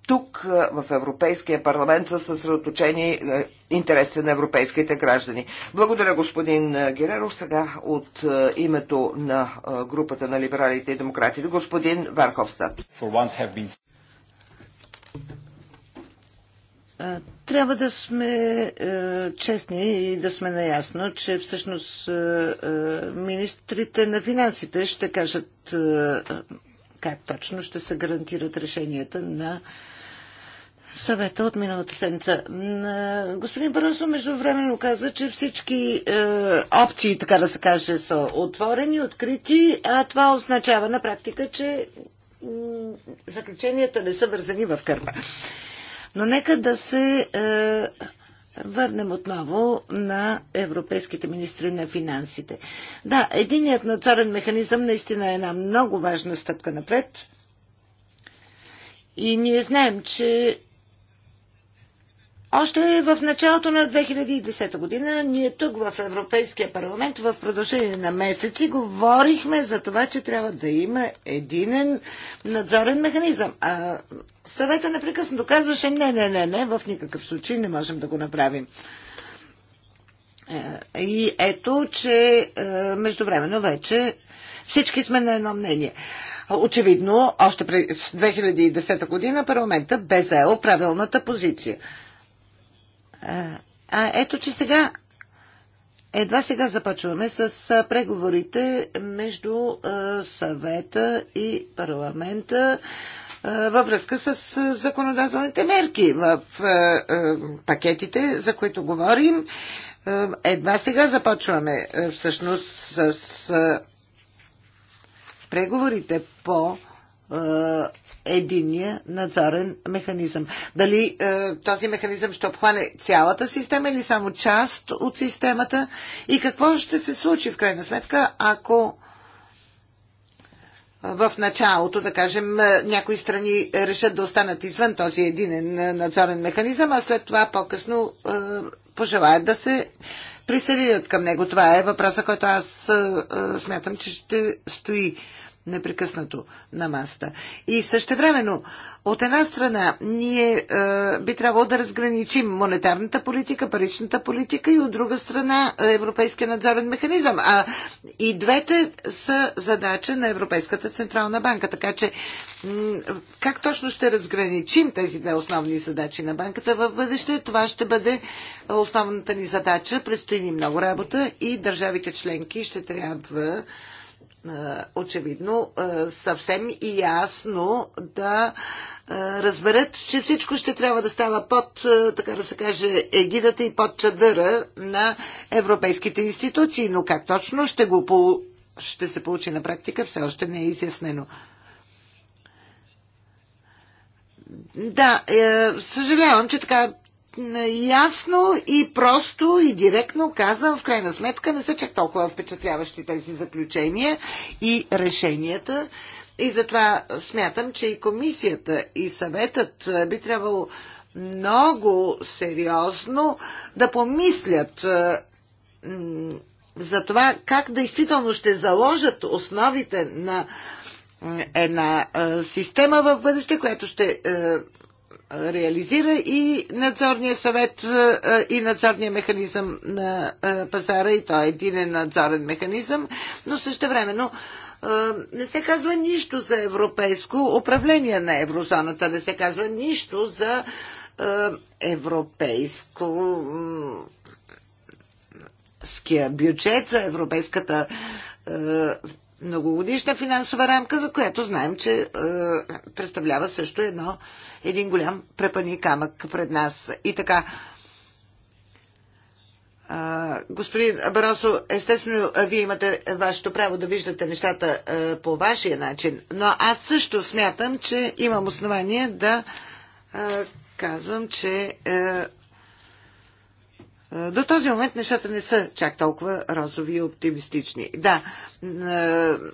тук в Европейския парламент са съсредоточени интересите на европейските граждани. Благодаря господин Гереров. Сега от името на групата на либералите и демократите господин Варховстат. Трябва да сме е, честни и да сме наясно, че всъщност е, е, министрите на финансите ще кажат как точно ще се гарантират решенията на съвета от миналата седмица. Господин между междувременно каза, че всички е, опции, така да се каже, са отворени, открити, а това означава на практика, че заключенията не са вързани в кърпа. Но нека да се е, върнем отново на европейските министри на финансите. Да, единият надзорен механизъм наистина е една много важна стъпка напред. И ние знаем, че още в началото на 2010 година ние тук в Европейския парламент в продължение на месеци говорихме за това, че трябва да има единен надзорен механизъм. А съвета непрекъснато казваше не, не, не, не, в никакъв случай не можем да го направим. Е, и ето, че е, междувременно вече всички сме на едно мнение. Очевидно, още през 2010 година парламента бе заел правилната позиция. А ето, че сега, едва сега започваме с преговорите между съвета и парламента във връзка с законодателните мерки в пакетите, за които говорим. Едва сега започваме всъщност с преговорите по единия надзорен механизъм. Дали е, този механизъм ще обхване цялата система или само част от системата и какво ще се случи в крайна сметка, ако в началото, да кажем, е, някои страни решат да останат извън този единен е, надзорен механизъм, а след това по-късно е, пожелаят да се присъединят към него. Това е въпроса, който аз е, е, смятам, че ще стои непрекъснато на масата. И същевременно, от една страна, ние е, би трябвало да разграничим монетарната политика, паричната политика и от друга страна е, Европейския надзорен механизъм. А и двете са задача на Европейската Централна банка. Така че, как точно ще разграничим тези две основни задачи на банката в бъдеще, това ще бъде основната ни задача. Предстои ни много работа и държавите членки ще трябва е, очевидно е, съвсем и ясно да е, разберат, че всичко ще трябва да става под, така да се каже, егидата и под чадъра на европейските институции. Но как точно ще, го, ще се получи на практика, все още не е изяснено. Да, е, съжалявам, че така ясно и просто и директно каза, в крайна сметка не са чак толкова впечатляващи тези заключения и решенията. И затова смятам, че и комисията, и съветът би трябвало много сериозно да помислят за това как действително ще заложат основите на една система в бъдеще, която ще е, реализира и надзорния съвет и надзорния механизъм на пазара и той е един надзорен механизъм, но също времено не се казва нищо за европейско управление на еврозоната, не се казва нищо за европейско ския бюджет, за европейската многогодишна финансова рамка, за която знаем, че е, представлява също едно, един голям препани камък пред нас. И така, е, господин Баросо, естествено, вие имате вашето право да виждате нещата е, по вашия начин, но аз също смятам, че имам основание да е, казвам, че до този момент нещата не са чак толкова розови и оптимистични. Да, е,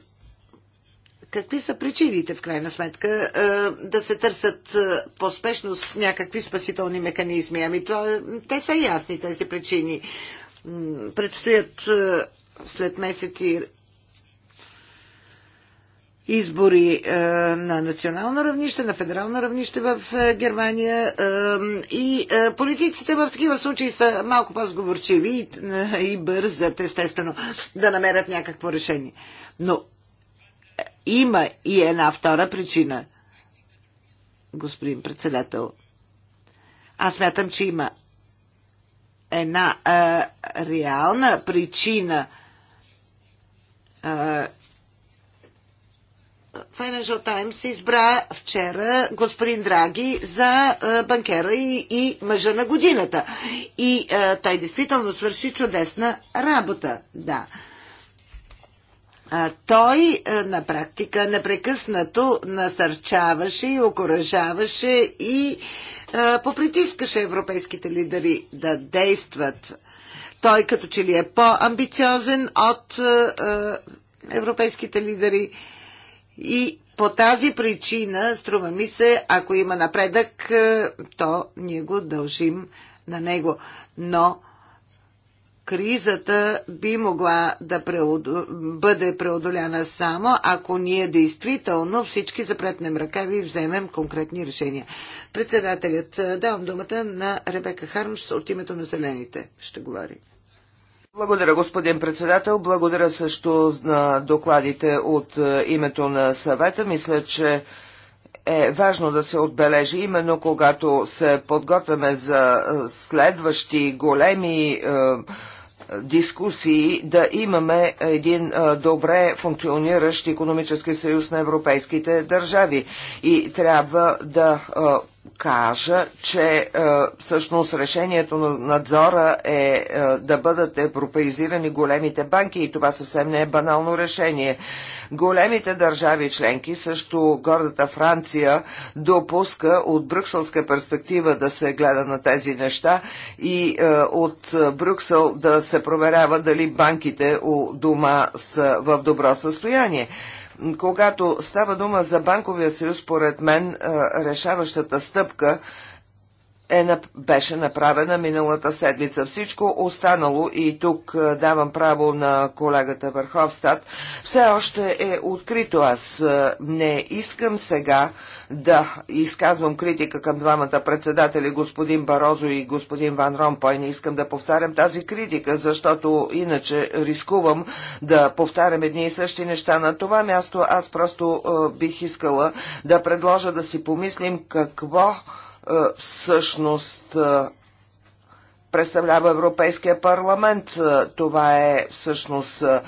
какви са причините в крайна сметка е, да се търсят е, по с някакви спасителни механизми? Ами това, те са ясни тези причини. Предстоят след месеци избори е, на национално равнище, на федерално равнище в е, Германия е, и политиците в такива случаи са малко по-сговорчиви и бързат естествено да намерят някакво решение. Но има и една втора причина, господин председател. Аз мятам, че има една а, реална причина, Financial Times избра вчера господин Драги за е, банкера и, и мъжа на годината. И а, е, той действително свърши чудесна работа. Да. А, той а, е, на практика непрекъснато насърчаваше и окоръжаваше и а, попритискаше европейските лидери да действат. Той като че ли е по-амбициозен от а, а, европейските лидери. А, и по тази причина, струва ми се, ако има напредък, е, то ние го дължим на него. Но кризата би могла да преодо... бъде преодоляна само, ако ние действително всички запретнем ръкави и вземем конкретни решения. Председателят, е, давам думата на Ребека Хармс от името на Зелените. Ще говори. Благодаря, господин председател. Благодаря също на докладите от е, името на съвета. Мисля, че е важно да се отбележи, именно когато се подготвяме за е, следващи големи е, дискусии, да имаме един добре функциониращ економически съюз на европейските държави. И трябва да кажа, че е, всъщност решението на надзора е, е да бъдат европеизирани големите банки и това съвсем не е банално решение. Големите държави членки, също гордата Франция, допуска от брюкселска перспектива да се гледа на тези неща и е, от Брюксел да се проверява дали банките у дома са в добро състояние. Когато става дума за банковия съюз, според мен е, решаващата стъпка е, беше направена миналата седмица. Всичко останало и тук е, давам право на колегата Върховстат, все още е открито. Аз е, не искам сега да изказвам критика към двамата председатели, господин Барозо и господин Ван Ромпой. Не искам да повтарям тази критика, защото иначе рискувам да повтарям едни и същи неща. На това място аз просто е, бих искала да предложа да си помислим какво е, всъщност е, представлява Европейския парламент. Е, това е всъщност е, е,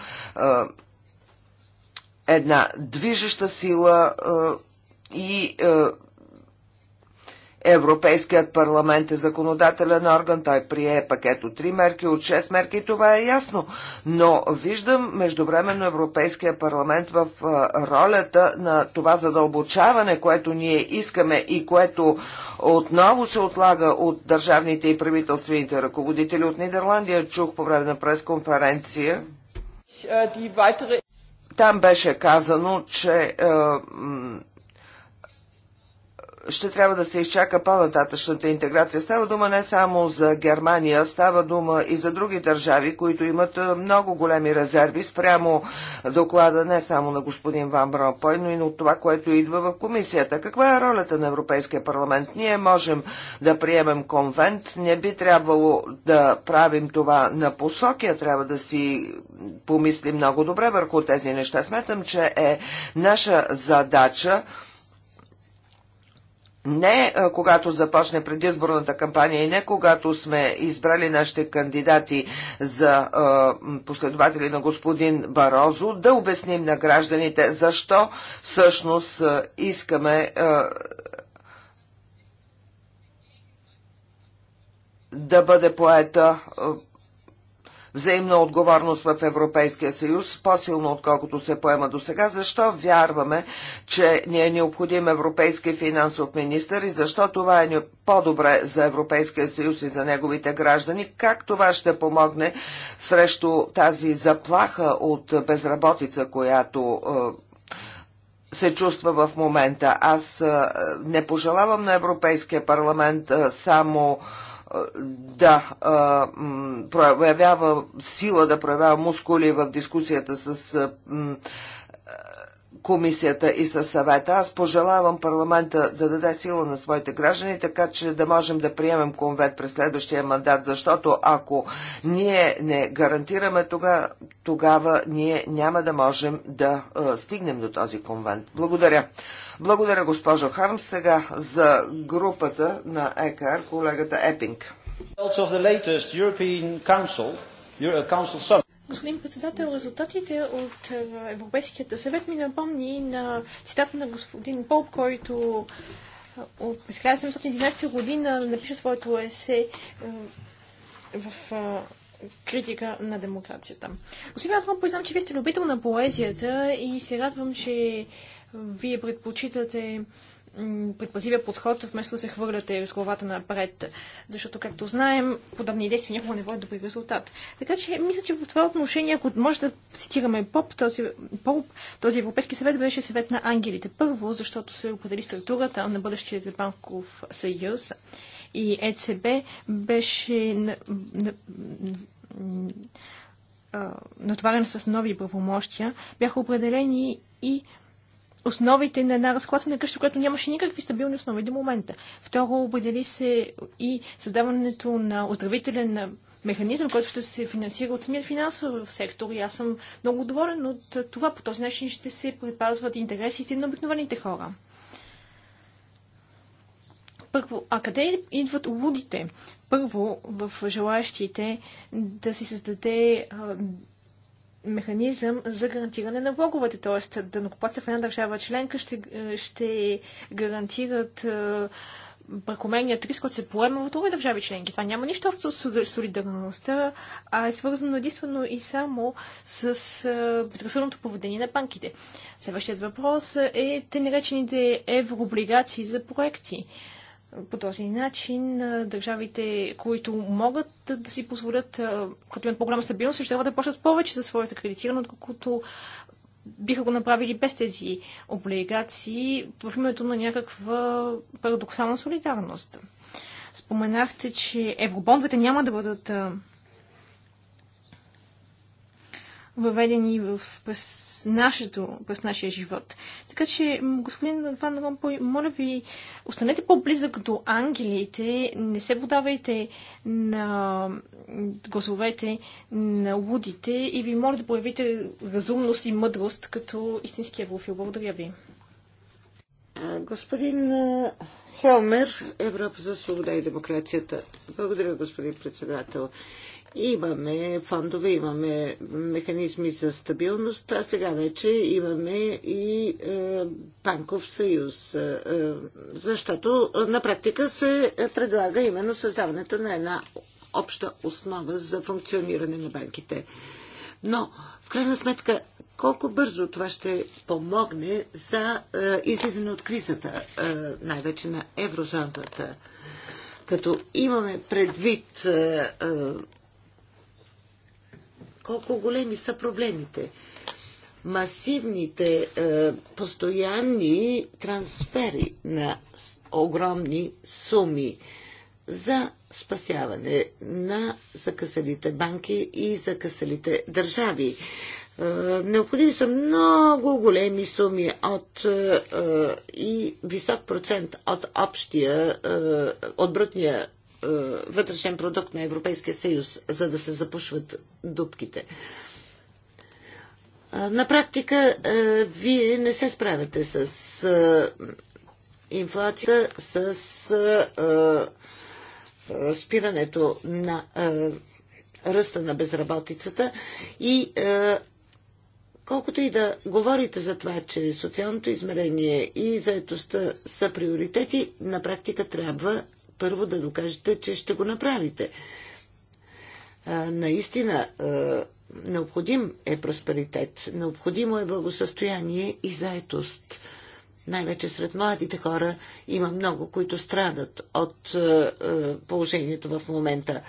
една движеща сила и Европейският парламент е законодателен орган, той прие пакет от 3 мерки, от 6 мерки, това е ясно. Но виждам междувременно Европейския парламент в ролята на това задълбочаване, което ние искаме и което отново се отлага от държавните и правителствените ръководители от Нидерландия. Чух по време на пресконференция. Там беше казано, че ще трябва да се изчака по-нататъчната интеграция. Става дума не само за Германия, става дума и за други държави, които имат е, много големи резерви спрямо доклада не само на господин Ван Бропой, но и от това, което идва в комисията. Каква е ролята на Европейския парламент? Ние можем да приемем конвент, не би трябвало да правим това на посоки, а трябва да си помислим много добре върху тези неща. Сметам, че е наша задача не когато започне предизборната кампания и не когато сме избрали нашите кандидати за последователи на господин Барозо, да обясним на гражданите защо всъщност искаме да бъде поета взаимна отговорност в Европейския съюз, по-силно отколкото се поема до сега. Защо вярваме, че ни е необходим европейски финансов министр и защо това е по-добре за Европейския съюз и за неговите граждани? Как това ще помогне срещу тази заплаха от безработица, която е, се чувства в момента. Аз е, не пожелавам на Европейския парламент е, само да проявява сила, да проявява мускули в дискусията с комисията и със съвета. Аз пожелавам парламента да даде сила на своите граждани, така че да можем да приемем конвет през следващия мандат, защото ако ние не гарантираме тогава, тогава ние няма да можем да а, стигнем до този конвент. Благодаря. Благодаря, госпожо Харм. Сега за групата на ЕКР, колегата Епинг. Of the latest European Council, Council Господин председател, резултатите от е, Европейският съвет ми напомни на цитата на господин Поп, който е, от 1711 година напише своето есе е, в критика на демокрацията. Господин Атман, признам, че вие сте любител на поезията и се радвам, че вие предпочитате предпазивия подход, вместо да се хвърляте с главата напред. Защото, както знаем, подобни действия никога не водят добри резултат. Така че, мисля, че в това отношение, ако може да цитираме Поп, този, Поп, този Европейски съвет беше съвет на ангелите. Първо, защото се определи структурата на бъдещия банков съюз и ЕЦБ беше на, на, натоварен с нови правомощия, бяха определени и основите на една разклатена къща, която нямаше никакви стабилни основи до момента. Второ, определи се и създаването на оздравителен механизъм, който ще се финансира от самият финансов сектор. И аз съм много доволен от това. По този начин ще се предпазват интересите на обикновените хора. Първо, а къде идват лудите? Първо, в желаящите да се създаде механизъм за гарантиране на влоговете, т.е. да накопаца в една държава членка ще, ще гарантират е, прекомерният риск, който се поема в други държави членки. Това няма нищо общо с солидарността, а е свързано единствено и само с е, безразсъдното поведение на банките. Следващият въпрос е те наречените еврооблигации за проекти. По този начин държавите, които могат да си позволят, като имат по-голяма стабилност, ще трябва да плащат повече за своята кредитиране, отколкото биха го направили без тези облигации в името на някаква парадоксална солидарност. Споменахте, че евробондовете няма да бъдат въведени в, през, нашето, през нашия живот. Така че, господин Ван Ромпой, моля ви, останете по-близък до ангелите, не се подавайте на гласовете на лудите и ви моля да проявите разумност и мъдрост като истинския еврофил. Благодаря ви. Господин Хелмер, Европа за свобода и демокрацията. Благодаря, господин председател. Имаме фондове, имаме механизми за стабилност, а сега вече имаме и е, банков съюз, е, защото на практика се предлага именно създаването на една обща основа за функциониране на банките. Но, в крайна сметка, колко бързо това ще помогне за е, излизане от кризата, е, най-вече на еврозоната. Като имаме предвид е, е, колко големи са проблемите, масивните е, постоянни трансфери на огромни суми. Е, за спасяване на закъсалите банки и закъсалите държави. Е, необходими са много големи суми от, е, е, и висок процент от общия, от брутния вътрешен продукт на Европейския съюз, за да се запушват дупките. На практика, вие не се справяте с инфлацията, с е, спирането на е, ръста на безработицата и е, колкото и да говорите за това, че социалното измерение и заетостта са приоритети, на практика трябва първо да докажете, че ще го направите. Наистина, необходим е просперитет, необходимо е благосъстояние и заетост най-вече сред младите хора има много, които страдат от е, е, положението в момента.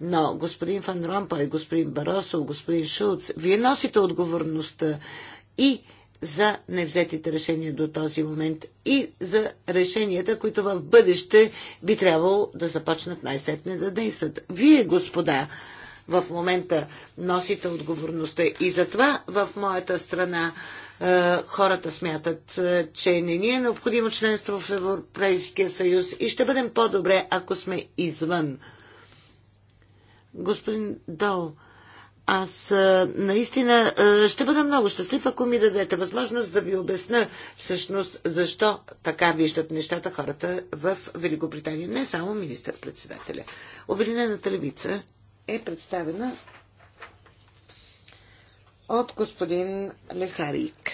Но господин Фан Ромпа и господин Баросо, господин Шулц, вие носите отговорността и за невзетите решения до този момент и за решенията, които в бъдеще би трябвало да започнат най-сетне да действат. Вие, господа, в момента носите отговорността и затова в моята страна е, хората смятат, е, че не ни е необходимо членство в Европейския съюз и ще бъдем по-добре, ако сме извън. Господин Дол, аз е, наистина ще бъда много щастлив, ако ми дадете възможност да ви обясна всъщност защо така виждат нещата хората в Великобритания. Не само министър-председателя. Обединената левица е представена от господин Лехарик.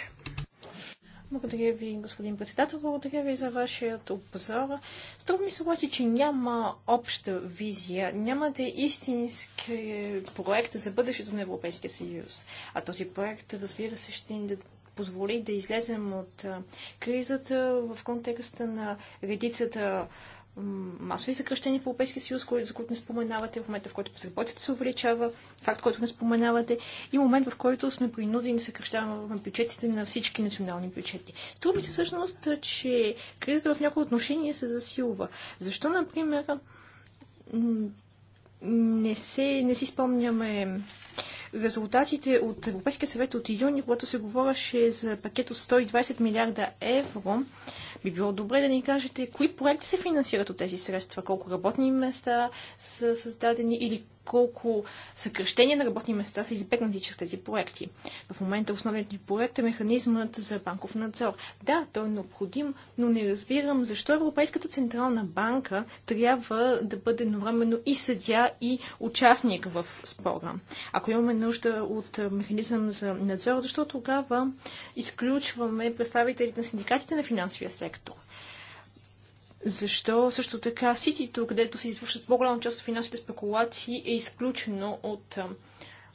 Благодаря ви, господин председател. Благодаря ви за вашият обзор. Струва ми се обаче, че няма обща визия, нямате истински проект за бъдещето на Европейския съюз. А този проект, разбира се, ще ни позволи да излезем от кризата в контекста на редицата масови съкръщения в Европейския съюз, за които не споменавате, в момента в който безработицата се увеличава, факт, който не споменавате, и момент, в който сме принудени да съкръщаваме бюджетите на всички национални бюджети. Струва ми се всъщност, че кризата в някои отношения се засилва. Защо, например, не, се, не си спомняме резултатите от Европейския съвет от юни, когато се говореше за пакет от 120 милиарда евро, би било добре да ни кажете кои проекти се финансират от тези средства, колко работни места са създадени или колко съкръщения на работни места са избегнати чрез тези проекти. В момента основният ни проект е механизмът за банков надзор. Да, той е необходим, но не разбирам защо Европейската централна банка трябва да бъде едновременно и съдя, и участник в спора. Ако имаме нужда от механизъм за надзор, защо тогава изключваме представителите на синдикатите на финансовия сектор? Защо също така ситито, където се извършват по-голяма част от финансовите спекулации, е изключено от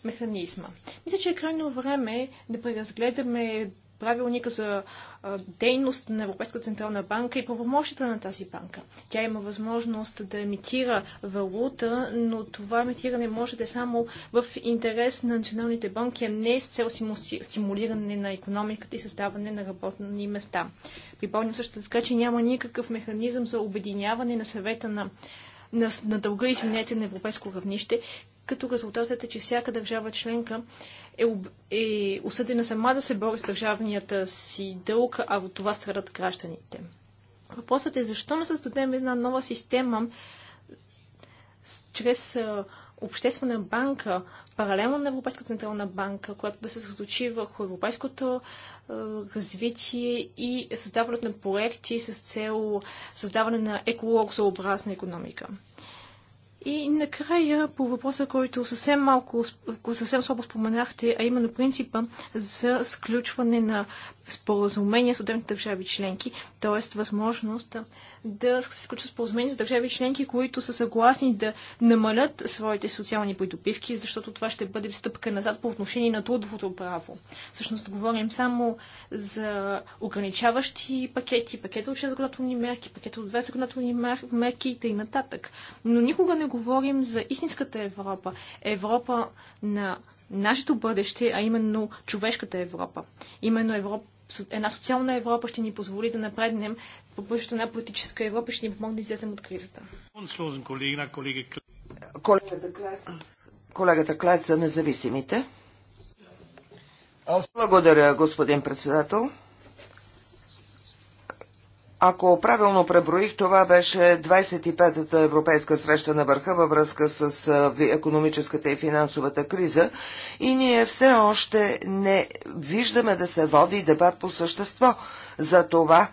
механизма. Мисля, че е крайно време да преразгледаме правилника за дейност на Европейска централна банка и правомощите на тази банка. Тя има възможност да емитира валута, но това емитиране може да е само в интерес на националните банки, а не с цел стимулиране на економиката и създаване на работни места. Припомням също така, че няма никакъв механизъм за обединяване на съвета на на, на дълга, извинете, на европейско равнище, като резултатът е, че всяка държава членка е, е осъдена сама да се бори с държавният си дълг, а от това страдат гражданите. Въпросът е защо не създадем една нова система чрез обществена банка, паралелно на Европейска централна банка, която да се съсредоточи върху европейското е, развитие и създаването на проекти с цел създаване на екологосъобразна економика. И накрая по въпроса, който съвсем малко, съвсем слабо споменахте, а именно принципа за сключване на споразумения с отделните държави членки, т.е. възможност да се сключат споразумения с държави членки, които са съгласни да намалят своите социални придобивки, защото това ще бъде стъпка назад по отношение на трудовото право. Всъщност говорим само за ограничаващи пакети, пакет от 6 законодателни мерки, пакет от 2 законодателни мерки и т.н. Но никога не говорим за истинската Европа. Европа на нашето бъдеще, а именно човешката Европа. Именно Европа една социална Европа ще ни позволи да напреднем по бъдещето една политическа Европа ще ни помогне да излезем от кризата. Колегата Клас, колегата за независимите. Аз благодаря, господин председател. Ако правилно преброих, това беше 25-та европейска среща на върха във връзка с економическата и финансовата криза и ние все още не виждаме да се води дебат по същество за това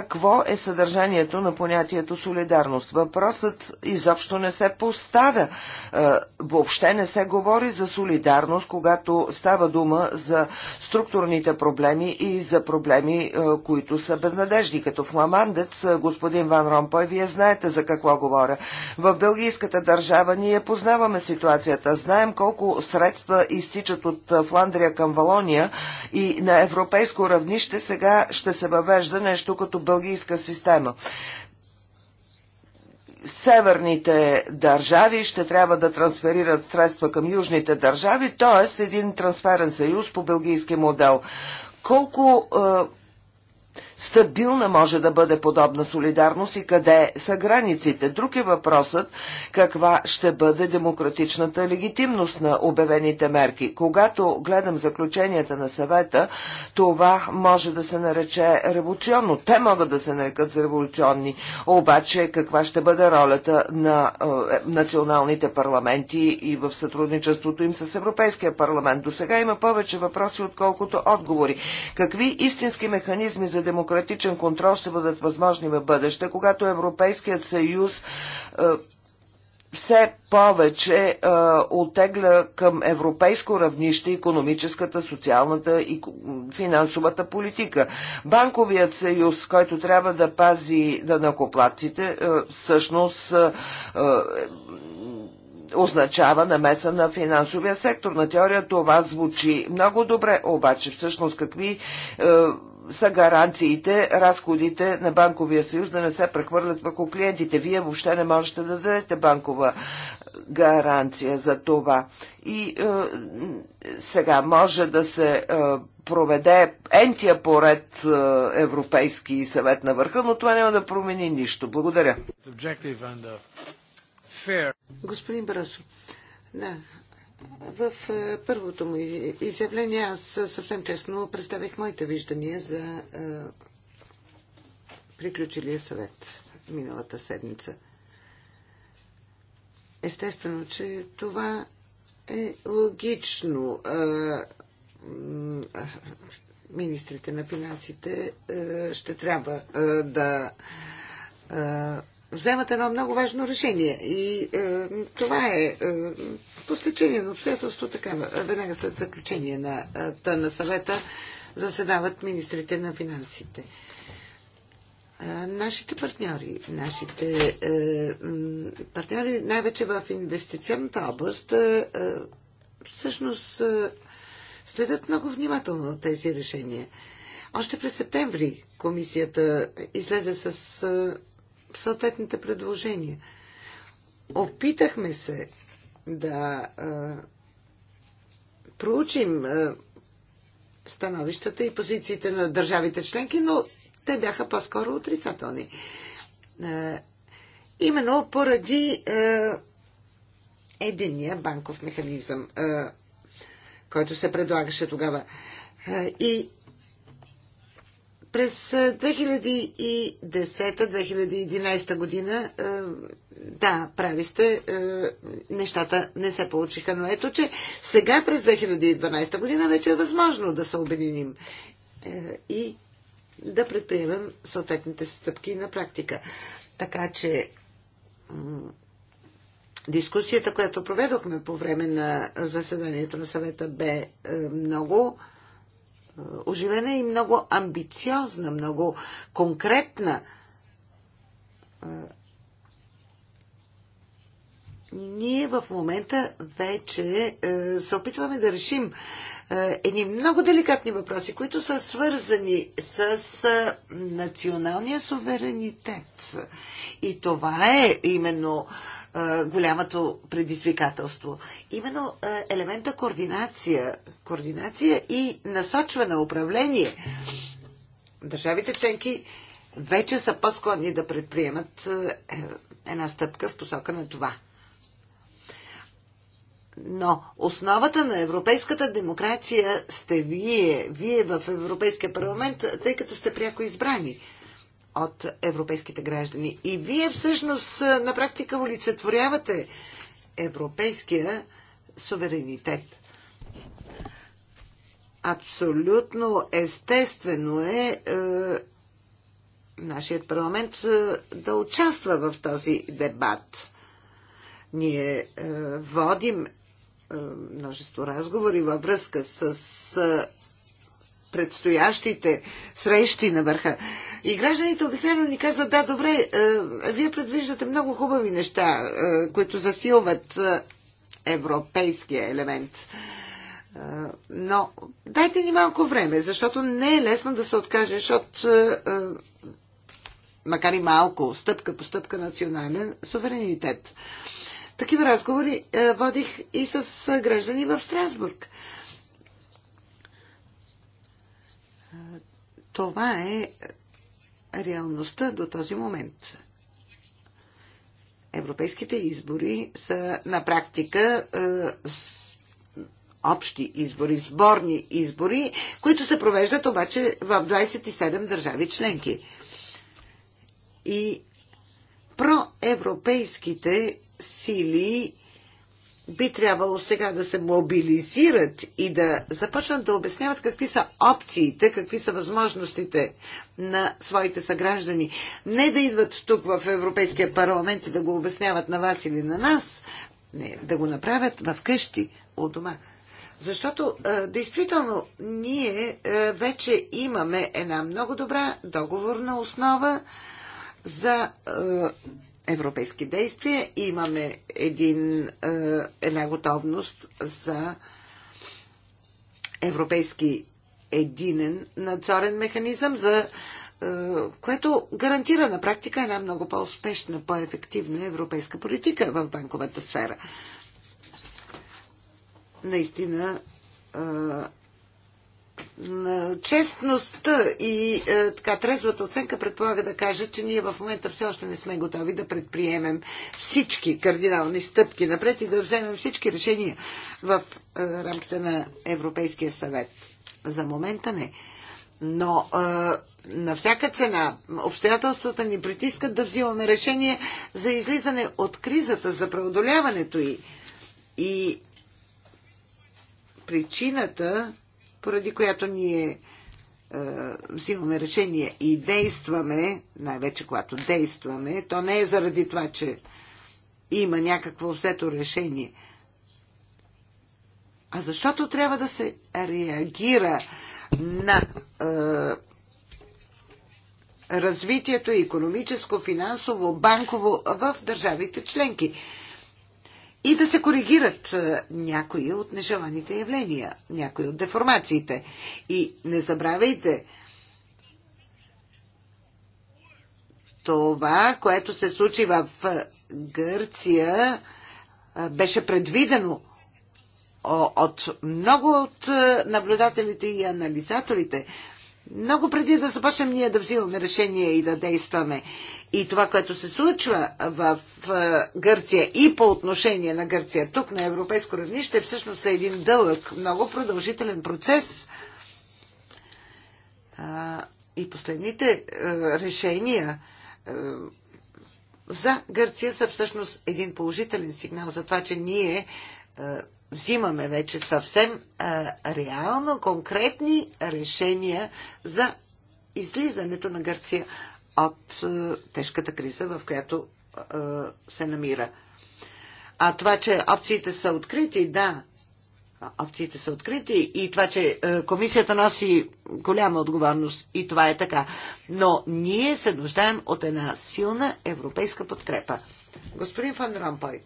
какво е съдържанието на понятието солидарност. Въпросът изобщо не се поставя. Е, въобще не се говори за солидарност, когато става дума за структурните проблеми и за проблеми, е, които са безнадежди. Като фламандец, е, господин Ван Ромпой, вие знаете за какво говоря. В бългийската държава ние познаваме ситуацията. Знаем колко средства изтичат от Фландрия към Валония и на европейско равнище сега ще се въвежда нещо като бългийска система северните държави ще трябва да трансферират средства към южните държави, т.е. един трансферен съюз по белгийски модел. Колко е, стабилна може да бъде подобна солидарност и къде са границите. Друг е въпросът каква ще бъде демократичната легитимност на обявените мерки. Когато гледам заключенията на съвета, това може да се нарече революционно. Те могат да се нарекат за революционни. Обаче каква ще бъде ролята на е, националните парламенти и в сътрудничеството им с Европейския парламент? До сега има повече въпроси, отколкото отговори. Какви истински механизми за демократичност демократичен контрол ще бъдат възможни в бъдеще, когато Европейският съюз е, все повече а, е, отегля към европейско равнище економическата, социалната и финансовата политика. Банковият съюз, който трябва да пази да накоплаците, е, всъщност а, а, означава намеса на финансовия сектор. На теория това звучи много добре, обаче всъщност какви а, са гаранциите, разходите на банковия съюз да не се прехвърлят върху клиентите. Вие въобще не можете да дадете банкова гаранция за това. И е, сега може да се е, проведе ентия поред е, Европейски съвет на върха, но това няма да промени нищо. Благодаря. Uh, Господин Брасо, да, в е, първото му изявление аз съвсем честно представих моите виждания за е, приключилия съвет миналата седмица. Естествено, че това е логично. Е, министрите на финансите ще трябва да вземат едно много важно решение. И това е по стечение на обстоятелство, така, веднага след заключение на, на съвета, заседават министрите на финансите. Нашите партньори, нашите е, партньори най-вече в инвестиционната област, е, е всъщност е, следят много внимателно тези решения. Още през септември комисията излезе с е, съответните предложения. Опитахме се да а, проучим а, становищата и позициите на държавите членки, но те бяха по-скоро отрицателни. А, именно поради а, банков механизъм, а, който се предлагаше тогава. А, и през 2010-2011 година, да, прави сте, нещата не се получиха, но ето, че сега през 2012 година вече е възможно да се обединим е, и да предприемем съответните стъпки на практика. Така че дискусията, която проведохме по време на заседанието на съвета, бе е, много е, оживена и много амбициозна, много конкретна. Е, ние в момента вече е, се опитваме да решим едни много деликатни въпроси, които са свързани с националния суверенитет. И това е именно голямото предизвикателство. Именно елемента координация, координация и насочване управление. Държавите членки вече са по-склонни да предприемат е, една стъпка в посока на това. Но основата на европейската демокрация сте вие, вие в Европейския парламент, тъй като сте пряко избрани от европейските граждани. И вие всъщност на практика олицетворявате европейския суверенитет. Абсолютно естествено е, е нашият парламент е, да участва в този дебат. Ние е, водим е, множество разговори във връзка с е, предстоящите срещи на върха. И гражданите обикновено ни казват, да, добре, е, вие предвиждате много хубави неща, е, които засилват е, европейския елемент. Но дайте ни малко време, защото не е лесно да се откажеш от, макар и малко, стъпка по стъпка национален суверенитет. Такива разговори водих и с граждани в Страсбург. Това е реалността до този момент. Европейските избори са на практика е, с, общи избори, сборни избори, които се провеждат обаче в 27 държави членки. И проевропейските сили би трябвало сега да се мобилизират и да започнат да обясняват какви са опциите, какви са възможностите на своите съграждани. Не да идват тук в Европейския парламент и да го обясняват на вас или на нас, не, да го направят в къщи, от дома. Защото а, действително ние а, вече имаме една много добра договорна основа за а, европейски действия. И имаме един, е, една готовност за европейски единен надзорен механизъм, за е, което гарантира на практика една много по-успешна, по-ефективна европейска политика в банковата сфера. Наистина е, честността и е, така трезвата оценка предполага да кажа, че ние в момента все още не сме готови да предприемем всички кардинални стъпки напред и да вземем всички решения в е, рамките на Европейския съвет. За момента не. Но е, на всяка цена обстоятелствата ни притискат да взимаме решение за излизане от кризата, за преодоляването й. И причината поради която ние е, взимаме решение и действаме, най-вече когато действаме, то не е заради това, че има някакво взето решение, а защото трябва да се реагира на е, развитието економическо, финансово, банково в държавите членки и да се коригират е, някои от нежеланите явления, някои от деформациите. И не забравяйте, това, което се случи в е, Гърция, е, беше предвидено от много от наблюдателите и анализаторите. Много преди да започнем ние да взимаме решение и да действаме и това, което се случва в е, Гърция и по отношение на Гърция тук на европейско равнище, всъщност е един дълъг, много продължителен процес. И последните е, решения е, за Гърция са всъщност един положителен сигнал за това, че ние взимаме вече съвсем реално конкретни решения за излизането на Гърция от е, тежката криза, в която е, се намира. А това, че опциите са открити, да, опциите са открити и това, че е, комисията носи голяма отговорност и това е така. Но ние се нуждаем от една силна европейска подкрепа. Господин Фан Рампой.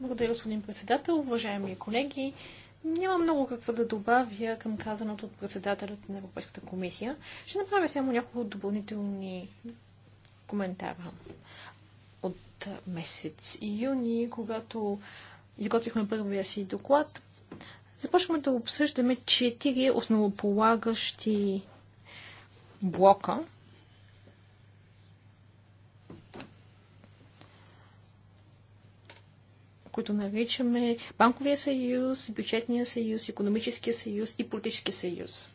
Благодаря, господин председател. Уважаеми колеги, няма много какво да добавя към казаното от председателят на Европейската комисия. Ще направя само няколко допълнителни коментара. От месец юни, когато изготвихме първия си доклад, започваме да обсъждаме четири основополагащи блока, които наричаме Банковия съюз, Бюджетния съюз, Економическия съюз и Политическия съюз.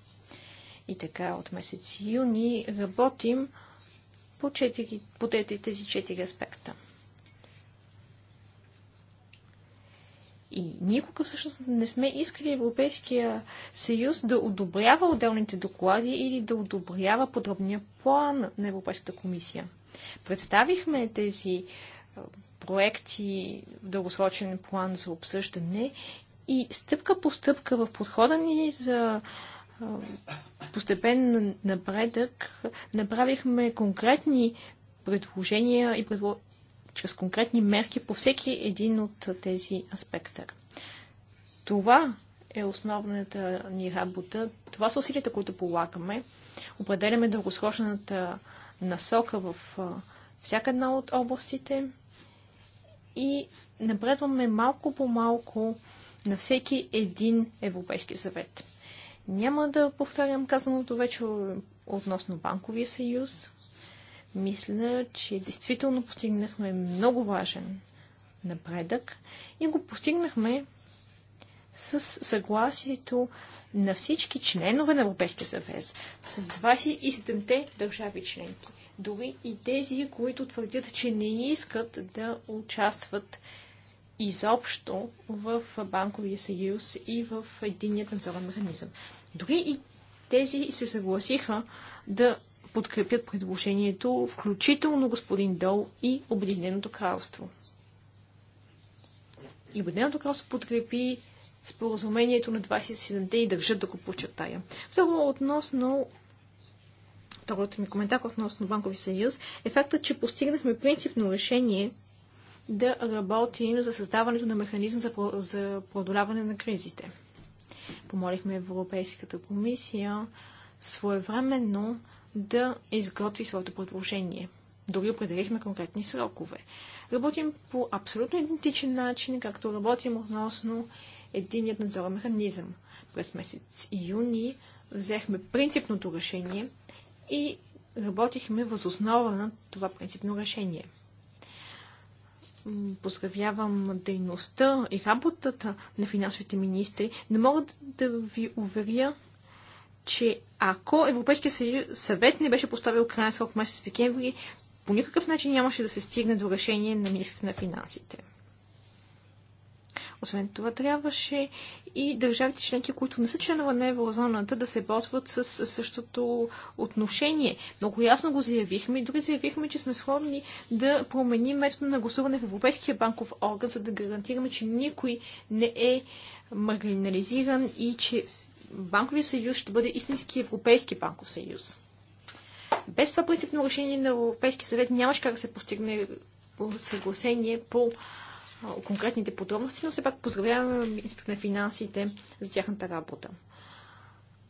И така от месец юни работим по, четири, по тези четири аспекта. И никога всъщност не сме искали Европейския съюз да одобрява отделните доклади или да одобрява подробния план на Европейската комисия. Представихме тези проекти в дългосрочен план за обсъждане и стъпка по стъпка в подхода ни за постепен напредък направихме конкретни предложения и предло... чрез конкретни мерки по всеки един от тези аспекта. Това е основната ни работа. Това са усилията, които полагаме. Определяме дългосрочната насока в всяка една от областите и напредваме малко по малко на всеки един Европейски съвет. Няма да повтарям казаното вече относно Банковия съюз. Мисля, че действително постигнахме много важен напредък и го постигнахме с съгласието на всички членове на Европейския съвет, с 27-те държави членки дори и тези, които твърдят, че не искат да участват изобщо в банковия съюз и в единният надзорен механизъм. Дори и тези се съгласиха да подкрепят предложението, включително господин Дол и Обединеното кралство. И Обединеното кралство подкрепи споразумението на 27-те и държат да го почертая. Второ, относно втората ми коментар относно Банкови съюз е фактът, че постигнахме принципно решение да работим за създаването на механизъм за, за продоляване на кризите. Помолихме Европейската комисия своевременно да изготви своето предложение. Дори определихме конкретни срокове. Работим по абсолютно идентичен начин, както работим относно единият надзорен механизъм. През месец юни взехме принципното решение – и работихме възоснова на това принципно решение. Поздравявам дейността и работата на финансовите министри, но мога да ви уверя, че ако Европейския съвет не беше поставил крайен срок месец декември, по никакъв начин нямаше да се стигне до решение на министрите на финансите. Освен това, трябваше и държавите членки, които не са членове на еврозоната, да се ползват с същото отношение. Много ясно го заявихме и дори заявихме, че сме сходни да променим метода на гласуване в Европейския банков орган, за да гарантираме, че никой не е маргинализиран и че банковия съюз ще бъде истински европейски банков съюз. Без това принципно решение на Европейския съвет нямаше как да се постигне съгласение по конкретните подробности, но все пак поздравяваме министър на финансите за тяхната работа.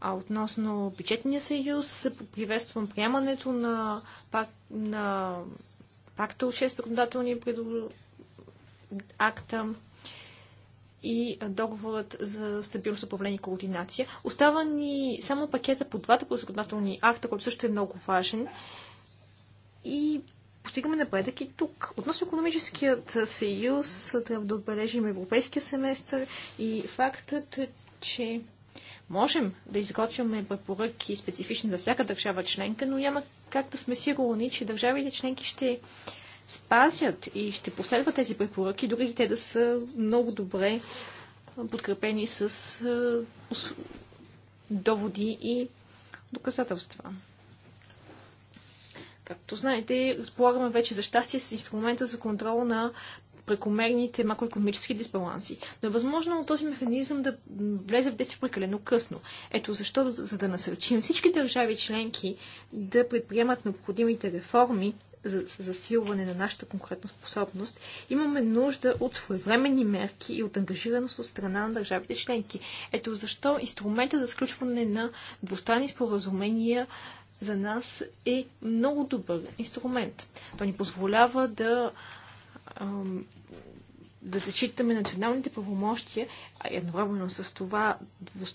А относно бюджетния съюз, приветствам приемането на, пак, на пакта от 6 законодателни акта и договорът за стабилност, управление и координация. Остава ни само пакета по двата законодателни акта, който също е много важен. И постигаме напредък и тук. Относно економическият съюз, трябва да отбележим европейския семестър и фактът, че можем да изготвяме препоръки специфични за всяка държава членка, но няма как да сме сигурни, че държавите членки ще спазят и ще последват тези препоръки, дори те да са много добре подкрепени с доводи и доказателства. Както знаете, разполагаме вече за щастие с инструмента за контрол на прекомерните макроекономически дисбаланси. Но е възможно този механизъм да влезе в действие прекалено късно. Ето защо, за да насърчим всички държави членки да предприемат необходимите реформи за засилване на нашата конкретна способност, имаме нужда от своевременни мерки и от ангажираност от страна на държавите членки. Ето защо инструмента за сключване на двустранни споразумения за нас е много добър инструмент. То ни позволява да да зачитаме националните правомощия, а едновременно с това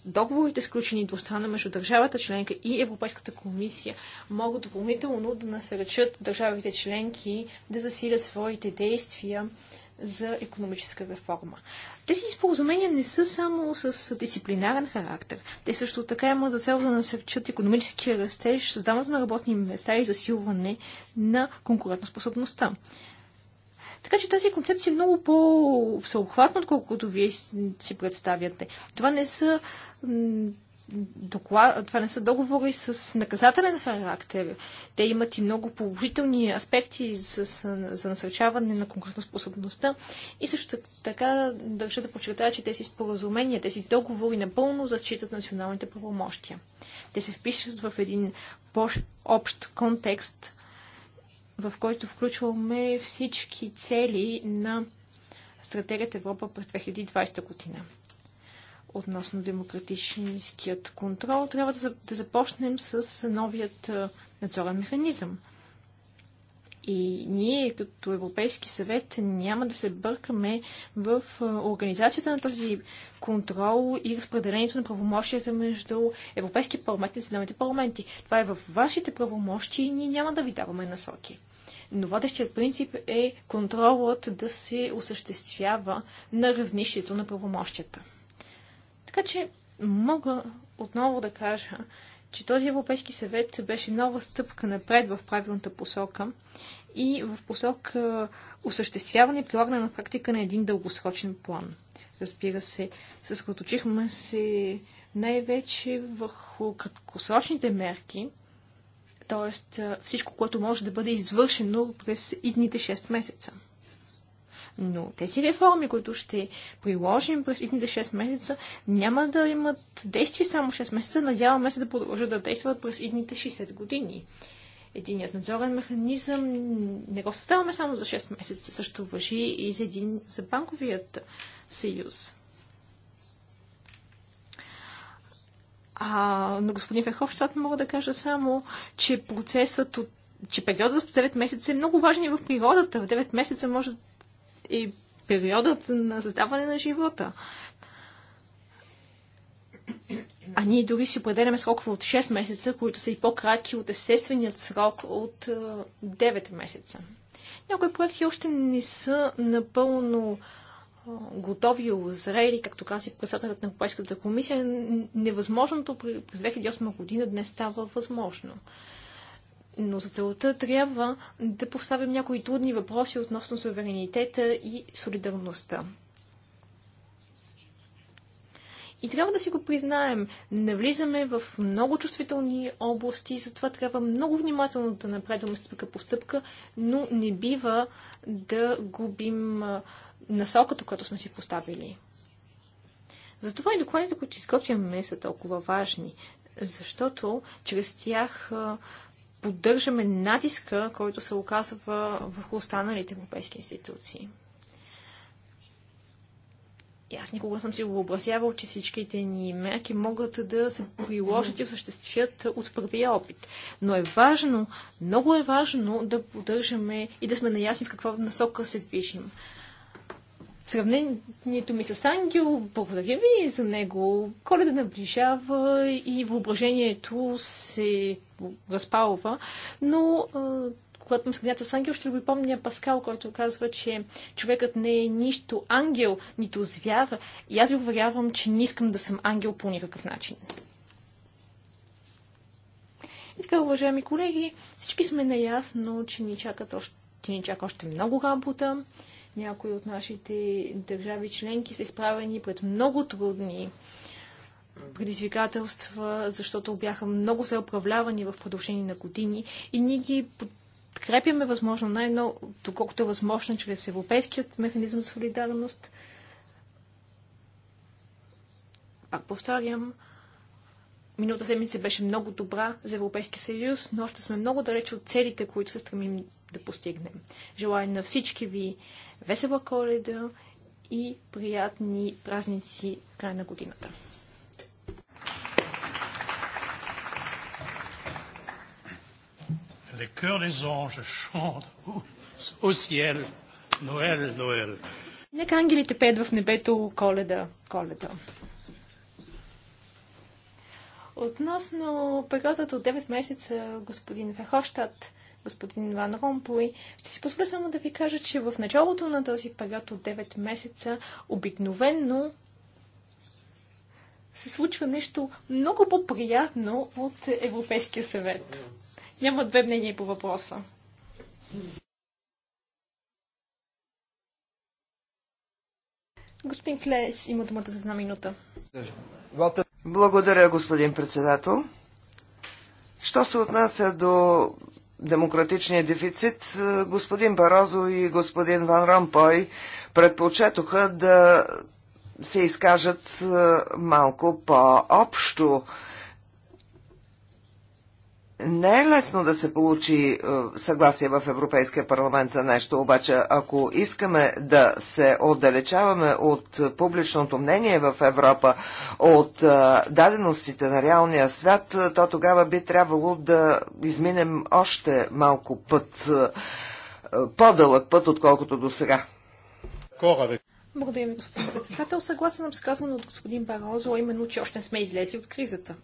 договорите, сключени двустранно между държавата членка и Европейската комисия, могат допълнително да насърчат държавите членки да засилят своите действия за економическа реформа. Тези споразумения не са само с дисциплинарен характер. Те също така имат за цел да насърчат економическия растеж, създаването на работни места и засилване на конкурентоспособността. Така че тази концепция е много по съобхватна отколкото вие си представяте. Това не са доклад, това не са договори с наказателен характер. Те имат и много положителни аспекти за, за насърчаване на конкретна способността. И също така държа да подчертая, че тези споразумения, тези договори напълно зачитат националните правомощия. Те се вписват в един по-общ контекст, в който включваме всички цели на стратегията Европа през 2020 година относно демократичният контрол, трябва да, да започнем с новият надзорен механизъм. И ние като Европейски съвет няма да се бъркаме в организацията на този контрол и разпределението на правомощията между Европейски парламент и националните парламенти. Това е в вашите правомощи и ние няма да ви даваме насоки. Но водещият принцип е контролът да се осъществява на равнището на правомощията. Така че мога отново да кажа, че този Европейски съвет беше нова стъпка напред в правилната посока и в посока е, осъществяване и прилагане на практика на един дългосрочен план. Разбира се, съсредоточихме се най-вече върху краткосрочните мерки, т.е. всичко, което може да бъде извършено през идните 6 месеца. Но тези реформи, които ще приложим през едните 6 месеца, няма да имат действие само 6 месеца. Надяваме се да продължат да действат през едните 60 години. Единият надзорен механизъм не го съставаме само за 6 месеца. Също въжи и за, един, за банковият съюз. А на господин Феховщат мога да кажа само, че процесът от че периодът от 9 месеца е много важен и в природата. В 9 месеца може и периодът на създаване на живота. А ние дори си определяме срокове от 6 месеца, които са и по-кратки от естественият срок от 9 месеца. Някои проекти още не са напълно готови и озрели, както каза председателят на Европейската комисия, невъзможното през 2008 година днес става възможно. Но за целта трябва да поставим някои трудни въпроси относно суверенитета и солидарността. И трябва да си го признаем. Навлизаме в много чувствителни области, затова трябва много внимателно да напредваме стъпка по стъпка, но не бива да губим насоката, която сме си поставили. Затова и докладите, които изготвяме, са толкова важни, защото чрез тях поддържаме натиска, който се оказва върху останалите европейски институции. И аз никога съм си въобразявал, че всичките ни мерки могат да се приложат и осъществят от първия опит. Но е важно, много е важно да поддържаме и да сме наясни в каква насока се движим сравнението ми с Ангел, благодаря ви за него. Коледа наближава и въображението се разпалва, но когато ме сравнята с ангел, ще ви помня Паскал, който казва, че човекът не е нищо ангел, нито звяр. И аз ви уверявам, че не искам да съм ангел по никакъв начин. И така, уважаеми колеги, всички сме наясно, че ни, чакат още, ни чака още много работа. Някои от нашите държави членки са изправени пред много трудни предизвикателства, защото бяха много се управлявани в продължение на години и ние ги подкрепяме възможно най-много, доколкото е възможно, чрез Европейският механизъм солидарност. Пак повторям, Миналата седмица беше много добра за Европейския съюз, но още сме много далеч от целите, които се стремим да постигнем. Желая на всички ви весела коледа и приятни празници в края на годината. des anges au ciel, Noël, Noël. Нека ангелите пеят в небето коледа, коледа. Относно периодът от 9 месеца, господин Верхощад, господин Ван Ромпой, ще си позволя само да ви кажа, че в началото на този период от 9 месеца обикновенно се случва нещо много по-приятно от Европейския съвет. Няма две мнения по въпроса. Господин Клес има думата за една минута. Благодаря, господин председател. Що се отнася до демократичния дефицит, е, господин Барозо и господин Ван Ромпой предпочетоха да се изкажат е, малко по-общо не е лесно да се получи е, съгласие в Европейския парламент за нещо, обаче ако искаме да се отдалечаваме от публичното мнение в Европа, от е, даденостите на реалния свят, е, то тогава би трябвало да изминем още малко път, по-дълъг път, отколкото до сега. Благодаря ви, господин председател. Съгласен съм с казаното от господин Барозо, именно, че още не сме излезли от кризата.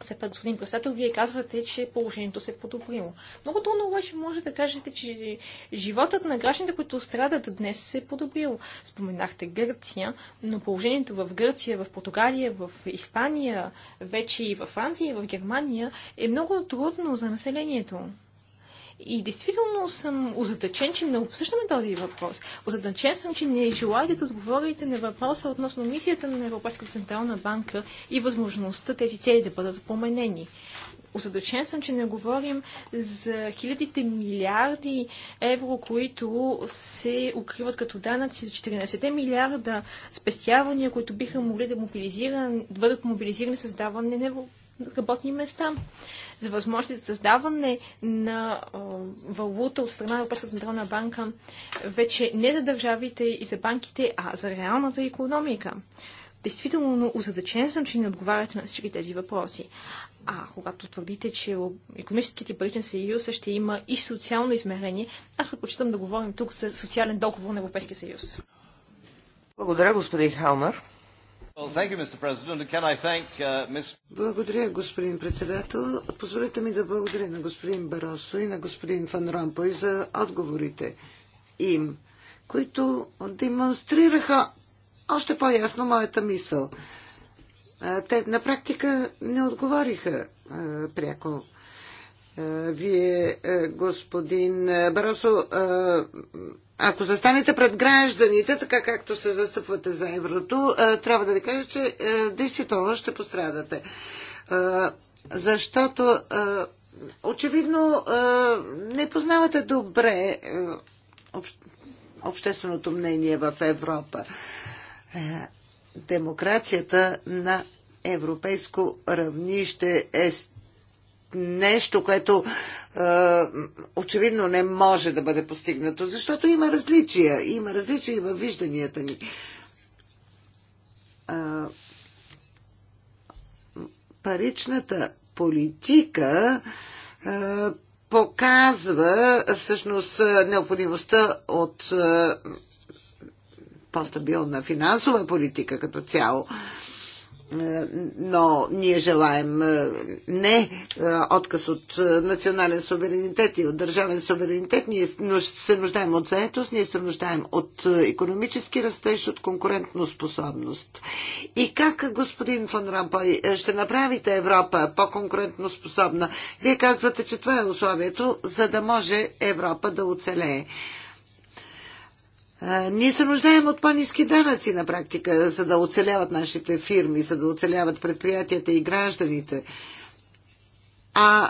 Все пак, господин председател, вие казвате, че положението се е подобрило. Много трудно обаче може да кажете, че животът на гражданите, които страдат днес, се е подобрил. Споменахте Гърция, но положението в Гърция, в Португалия, в Испания, вече и във Франция, и в Германия е много трудно за населението. И действително съм озадачен, че не обсъждаме този въпрос. Озадачен съм, че не желаете да отговорите на въпроса относно мисията на Европейската централна банка и възможността тези цели да бъдат променени. Озадачен съм, че не говорим за хилядите милиарди евро, които се укриват като данъци, за 14 милиарда спестявания, които биха могли да, да бъдат мобилизирани създаване на работни места за възможности за създаване на а, валута от страна на Европейската централна банка вече не за държавите и за банките, а за реалната економика. Действително озадачен съм, че не отговаряте на всички тези въпроси. А когато твърдите, че економическите паричен съюз ще има и социално измерение, аз предпочитам да говорим тук за социален договор на Европейския съюз. Благодаря, господин Халмар. Uh, благодаря, господин председател. Позволете ми да благодаря на господин Баросо и на господин Фан Ромпой за отговорите им, които демонстрираха още по-ясно моята мисъл. Те на практика не отговориха пряко. Вие, господин Баросо, ако застанете пред гражданите, така както се застъпвате за еврото, е, трябва да ви кажа, че е, действително ще пострадате. Е, защото очевидно не познавате добре общественото мнение в Европа. Демокрацията на европейско равнище е нещо, което е, очевидно не може да бъде постигнато, защото има различия. Има различия и във вижданията ни. Е, паричната политика е, показва всъщност необходимостта от е, по-стабилна финансова политика като цяло. Е, но ние желаем е, не е, отказ от е, национален суверенитет и от държавен суверенитет. Ние се нуждаем от заетост, ние се нуждаем от економически растеж, от конкурентно способност. И как, господин Фон Рампой, ще направите Европа по-конкурентно способна? Вие казвате, че това е условието, за да може Европа да оцелее. Ние се нуждаем от по-низки данъци на практика, за да оцеляват нашите фирми, за да оцеляват предприятията и гражданите. А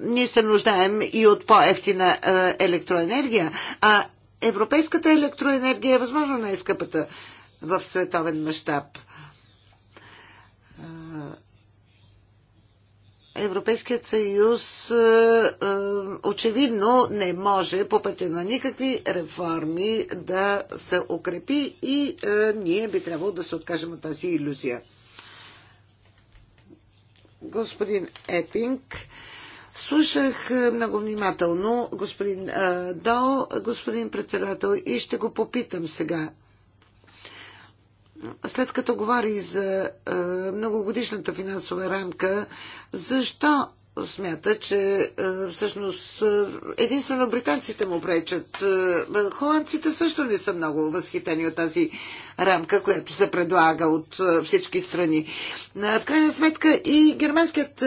ние се нуждаем и от по-ефтина електроенергия. А европейската електроенергия е възможно най-скъпата в световен мащаб. Европейският съюз е, е, очевидно не може по пътя на никакви реформи да се укрепи и е, ние би трябвало да се откажем от тази иллюзия. Господин Епинг, слушах много внимателно господин Дол, господин председател, и ще го попитам сега след като говори за е, многогодишната финансова рамка, защо смята, че е, всъщност е, единствено британците му пречат. Е, холандците също не са много възхитени от тази рамка, която се предлага от всички страни. В крайна сметка и германският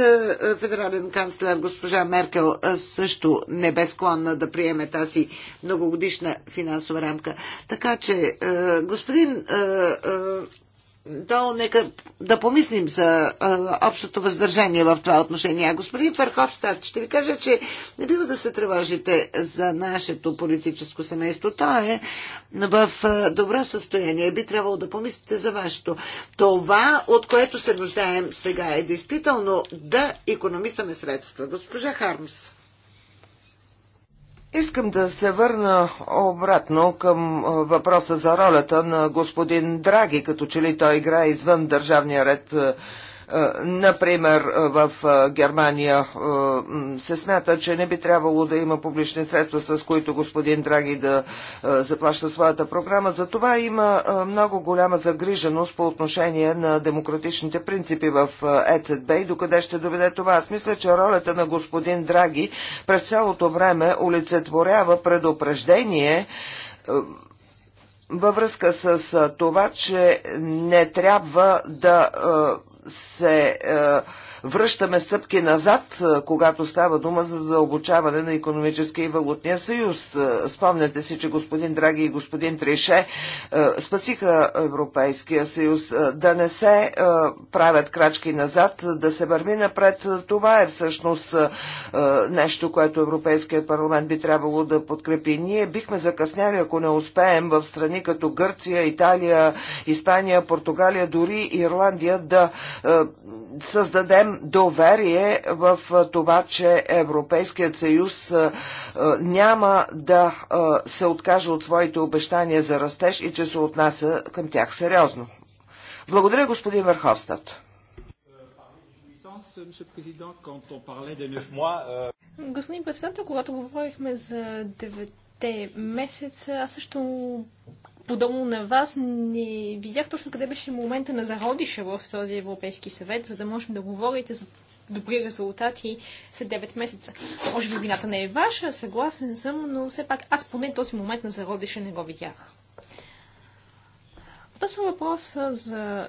федерален канцлер госпожа Меркел също не бе склонна да приеме тази многогодишна финансова рамка. Така че, господин то, нека да помислим за а, общото въздържание в това отношение. А господин Ферховстат, ще ви кажа, че не бива да се тревожите за нашето политическо семейство. То е в а, добро състояние. Би трябвало да помислите за вашето. Това, от което се нуждаем сега е действително да економисаме средства. Госпожа Хармс. Искам да се върна обратно към въпроса за ролята на господин Драги, като че ли той играе извън държавния ред е, например, е, в е, Германия се смята, че не би трябвало да има публични средства, с които господин Драги да заплаща своята програма. Затова има много голяма загриженост по отношение на демократичните принципи в ЕЦБ и докъде ще доведе това. Аз мисля, че ролята на господин Драги през цялото време олицетворява предупреждение във връзка с това, че не трябва да се връщаме стъпки назад, когато става дума за задълбочаване на економическия и валутния съюз. Спомняте си, че господин Драги и господин Трише спасиха Европейския съюз да не се правят крачки назад, да се върви напред. Това е всъщност нещо, което Европейския парламент би трябвало да подкрепи. Ние бихме закъсняли, ако не успеем в страни като Гърция, Италия, Испания, Португалия, дори Ирландия да създадем доверие в това, че Европейският съюз няма да се откаже от своите обещания за растеж и че се отнася към тях сериозно. Благодаря, господин Верховстат. Господин председател, когато говорихме за 9 месеца. Аз също подобно на вас, не видях точно къде беше момента на зародиша в този Европейски съвет, за да можем да говорите за добри резултати след 9 месеца. Може би вината не е ваша, съгласен съм, но все пак аз поне този момент на зародиша не го видях. Относно въпроса за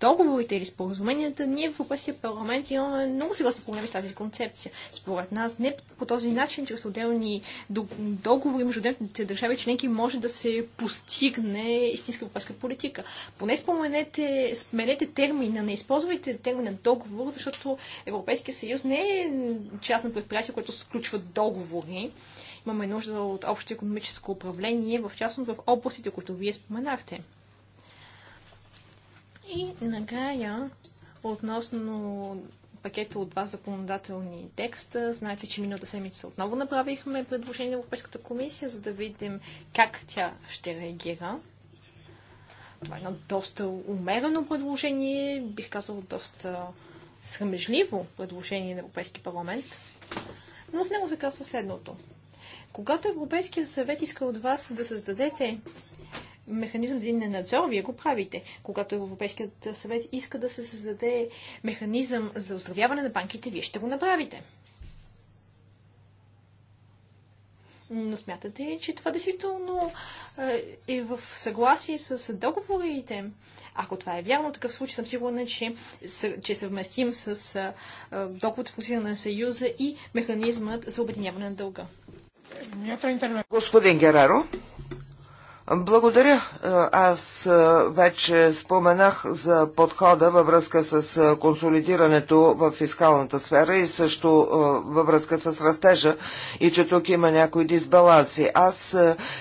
договорите или споразуменията, ние в Европейския парламент имаме много сериозни проблеми с тази концепция. Според нас не по този начин, чрез отделни договори между отделните държави членки може да се постигне истинска европейска политика. Поне споменете, сменете термина, не използвайте термина договор, защото Европейския съюз не е частно предприятие, което сключва договори имаме нужда от общо економическо управление, в частност в областите, които вие споменахте. И накрая, относно пакета от два законодателни текста. Знаете, че миналата седмица отново направихме предложение на Европейската комисия, за да видим как тя ще реагира. Това е едно доста умерено предложение, бих казал доста срамежливо предложение на Европейски парламент. Но в него се казва следното. Когато Европейския съвет иска от вас да създадете механизъм за един надзор, вие го правите. Когато Европейският съвет иска да се създаде механизъм за оздравяване на банките, вие ще го направите. Но смятате, че това действително е, е в съгласие с договорите. Ако това е вярно, такъв случай съм сигурна, че, че е съвместим с е, доход в на Съюза и механизмът за обединяване на дълга. Господин Гераро. Благодаря. Аз вече споменах за подхода във връзка с консолидирането в фискалната сфера и също във връзка с растежа и че тук има някои дисбаланси. Аз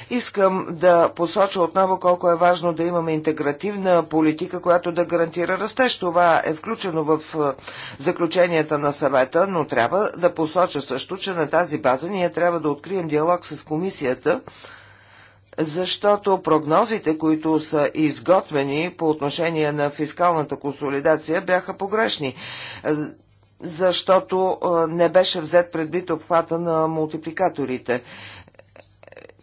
искам да посоча отново колко е важно да имаме интегративна политика, която да гарантира растеж. Това е включено в заключенията на съвета, но трябва да посоча също, че на тази база ние трябва да открием диалог с комисията, защото прогнозите, които са изготвени по отношение на фискалната консолидация, бяха погрешни, е, защото е, не беше взет предвид обхвата на мултипликаторите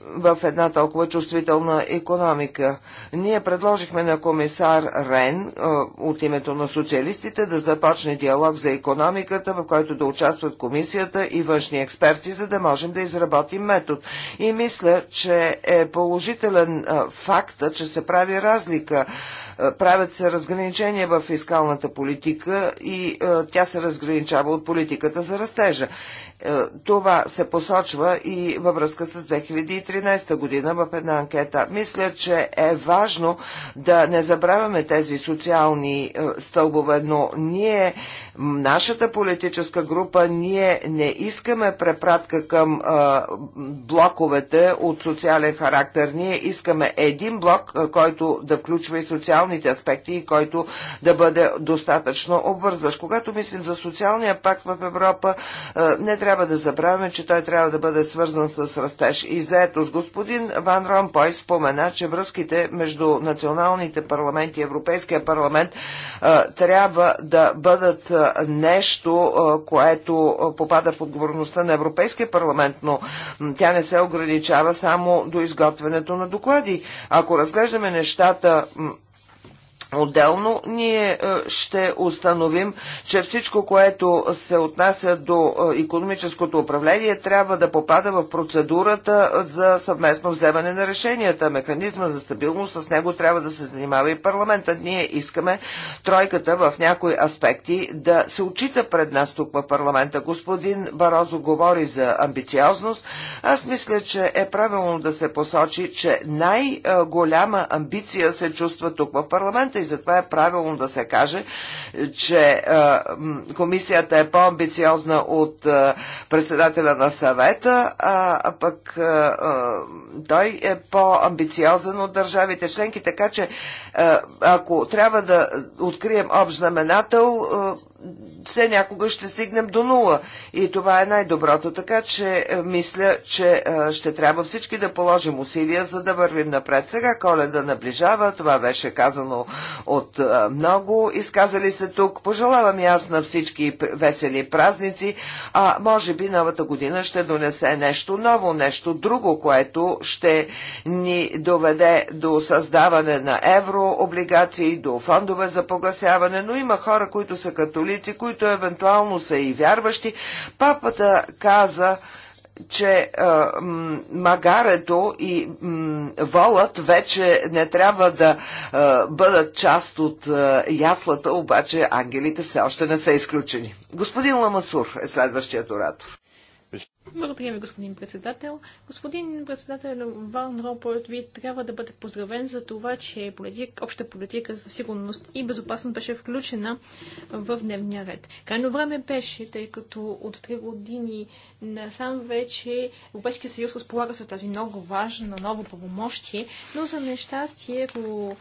в една толкова чувствителна економика. Ние предложихме на комисар Рен е, от името на социалистите да започне диалог за економиката, в който да участват комисията и външни експерти, за да можем да изработим метод. И мисля, че е положителен е, факта, че се прави разлика е, правят се разграничения в фискалната политика и тя се разграничава от политиката за растежа. Е, това се посочва и във връзка с 2013 година в една анкета. Мисля, че е важно да не забравяме тези социални е, стълбове, но ние нашата политическа група ние не искаме препратка към а, блоковете от социален характер. Ние искаме един блок, а, който да включва и социалните аспекти и който да бъде достатъчно обвързващ. Когато мислим за социалния пакт в Европа, а, не трябва да забравяме, че той трябва да бъде свързан с растеж и заетост. Господин Ван Ромпой спомена, че връзките между националните парламенти и Европейския парламент а, трябва да бъдат нещо, което попада в отговорността на Европейския парламент, но тя не се ограничава само до изготвянето на доклади. Ако разглеждаме нещата Отделно ние е, ще установим, че всичко, което се отнася до економическото управление, трябва да попада в процедурата за съвместно вземане на решенията. Механизма за стабилност, с него трябва да се занимава и парламента. Ние искаме тройката в някои аспекти да се очита пред нас тук в парламента. Господин Барозо говори за амбициозност. Аз мисля, че е правилно да се посочи, че най-голяма е, амбиция се чувства тук в парламента и затова е правилно да се каже, че е, комисията е по-амбициозна от е, председателя на съвета, а пък е, той е по-амбициозен от държавите членки, така че ако трябва да открием общ знаменател, все някога ще стигнем до нула. И това е най-доброто. Така че е, мисля, че е, ще трябва всички да положим усилия, за да вървим напред. Сега коледа наближава, това беше казано от е, много изказали се тук. Пожелавам и аз на всички весели празници, а може би новата година ще донесе нещо ново, нещо друго, което ще ни доведе до създаване на еврооблигации, до фондове за погасяване, но има хора, които са католици католици, които евентуално са и вярващи. Папата каза, че а, е, магарето и м, волът вече не трябва да а, е, бъдат част от а, е, яслата, обаче ангелите все още не са изключени. Господин Ламасур е следващият оратор. Благодаря ви, господин председател. Господин председател Ван Ропорт, ви трябва да бъде поздравен за това, че политик, обща политика за сигурност и безопасност беше включена в дневния ред. Крайно време беше, тъй като от три години насам вече Европейския съюз разполага с тази много важна ново правомощие, но за нещастие, ако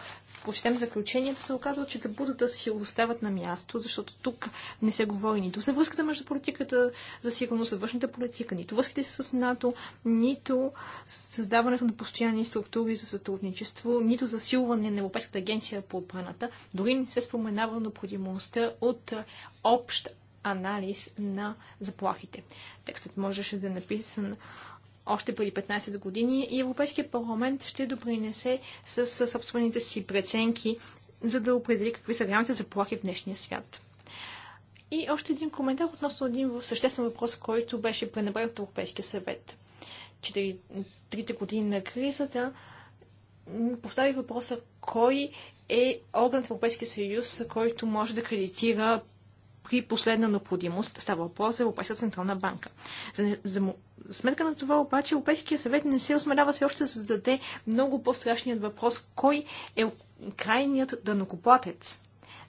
прочетем заключението, се оказва, че табутата си остават на място, защото тук не се говори нито за връзката между политиката за сигурност, за външната политика, нито връзките с НАТО, нито създаването на постоянни структури за сътрудничество, нито засилване на Европейската агенция по отбраната. Дори не се споменава необходимостта от общ анализ на заплахите. Текстът можеше да е написан още преди 15 години и Европейския парламент ще допринесе с, собствените си преценки, за да определи какви са реалните заплахи в днешния свят. И още един коментар относно един съществен въпрос, който беше пренебрегнат от Европейския съвет. Четири, трите години на кризата постави въпроса кой е органът в Европейския съюз, който може да кредитира при последна необходимост. Става въпрос за Европейска централна банка. За, за, за сметка на това обаче Европейския съвет не се осмелява все още да зададе много по-страшният въпрос кой е крайният данокоплатец.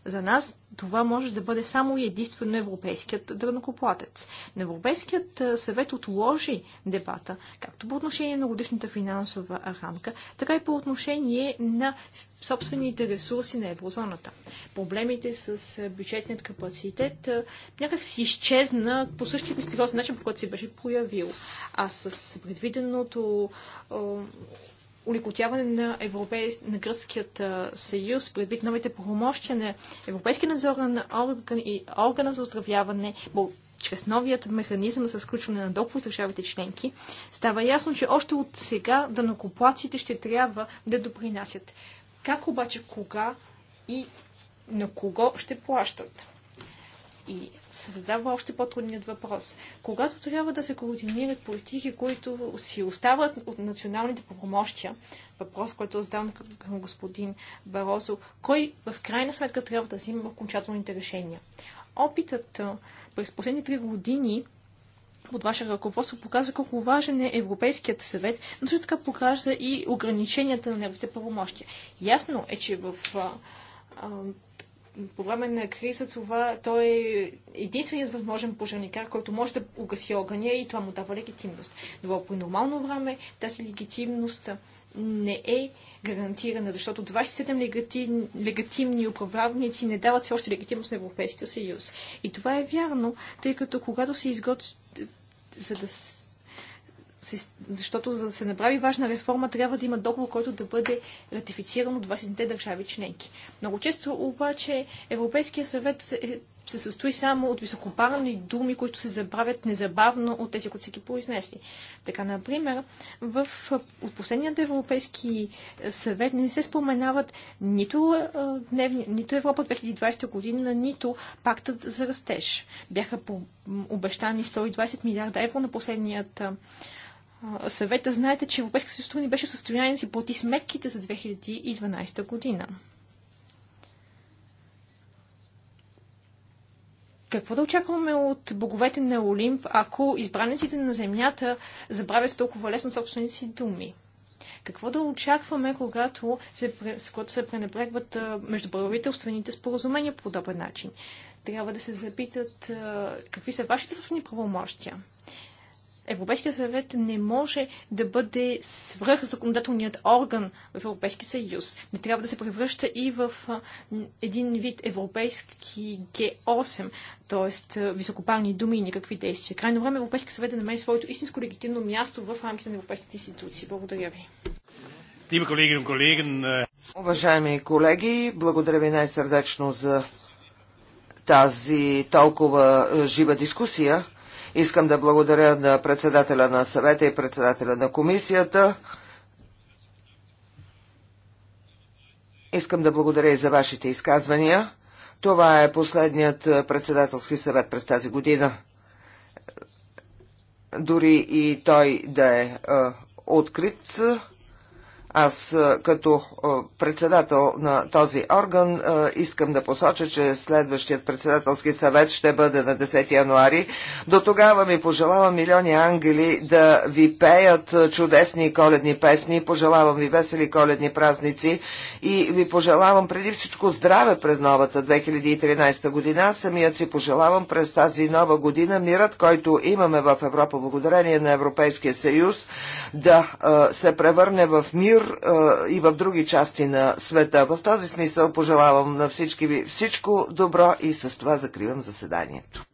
За нас това може да бъде само и единствено европейският дърнокоплатец. На Европейският съвет отложи дебата, както по отношение на годишната финансова рамка, така и по отношение на собствените ресурси на еврозоната. Проблемите с бюджетният капацитет някак си изчезна по същия мистериозен начин, по който се беше проявил. А с предвиденото уликотяване на, европей... на Гръцкият съюз, предвид новите правомощия на Европейския надзорен орган и органа за оздравяване, чрез новият механизъм за сключване на договори с държавите членки, става ясно, че още от сега данокоплаците ще трябва да допринасят. Как обаче, кога и на кого ще плащат? И се задава още по-трудният въпрос. Когато трябва да се координират политики, които си остават от националните правомощия, въпрос, който задавам към господин Барозо, кой в крайна сметка трябва да взима окончателните решения? Опитът през последните три години под ваше ръководство показва колко важен е Европейският съвет, но също така показва и ограниченията на неговите правомощия. Ясно е, че в а, а, по време на криза това той е единственият възможен пожарникар, който може да угаси огъня и това му дава легитимност. Но по е нормално време тази легитимност не е гарантирана, защото 27 легитимни легатимни управлявници не дават все още легитимност на Европейския съюз. И това е вярно, тъй като когато се изготвят за да защото за да се направи важна реформа, трябва да има договор, който да бъде ратифициран от 20-те държави членки. Много често обаче Европейския съвет е, се, състои само от високопарни думи, които се забравят незабавно от тези, които са ги произнесли. Така, например, в, от последният Европейски съвет не се споменават нито, дневни, нито Европа 2020 година, нито пактът за растеж. Бяха по, обещани 120 милиарда евро на последният съвета, знаете, че Европейска съюз не беше в състояние да си плати сметките за 2012 година. Какво да очакваме от боговете на Олимп, ако избраниците на земята забравят толкова лесно собствените си думи? Какво да очакваме, когато се, когато се пренебрегват междуправителствените споразумения по подобен начин? Трябва да се запитат какви са вашите собствени правомощия. Европейския съвет не може да бъде свръх законодателният орган в Европейския съюз. Не трябва да се превръща и в един вид европейски Г8, т.е. високопарни думи и никакви действия. Крайно време Европейския съвет да намери своето истинско легитимно място в рамките на европейските институции. Благодаря ви. Äh, Уважаеми колеги, благодаря ви най-сърдечно за тази толкова жива дискусия. Искам да благодаря на председателя на съвета и председателя на комисията. Искам да благодаря и за вашите изказвания. Това е последният е, председателски съвет през тази година. Дори и той да е, е открит, аз като председател на този орган искам да посоча, че следващият председателски съвет ще бъде на 10 януари. До тогава ми пожелавам милиони ангели да ви пеят чудесни коледни песни, пожелавам ви весели коледни празници и ви пожелавам преди всичко здраве пред новата 2013 година. Самият си пожелавам през тази нова година мирът, който имаме в Европа благодарение на Европейския съюз, да се превърне в мир а, и в други части на света. В този смисъл пожелавам на всички ви всичко добро и с това закривам заседанието.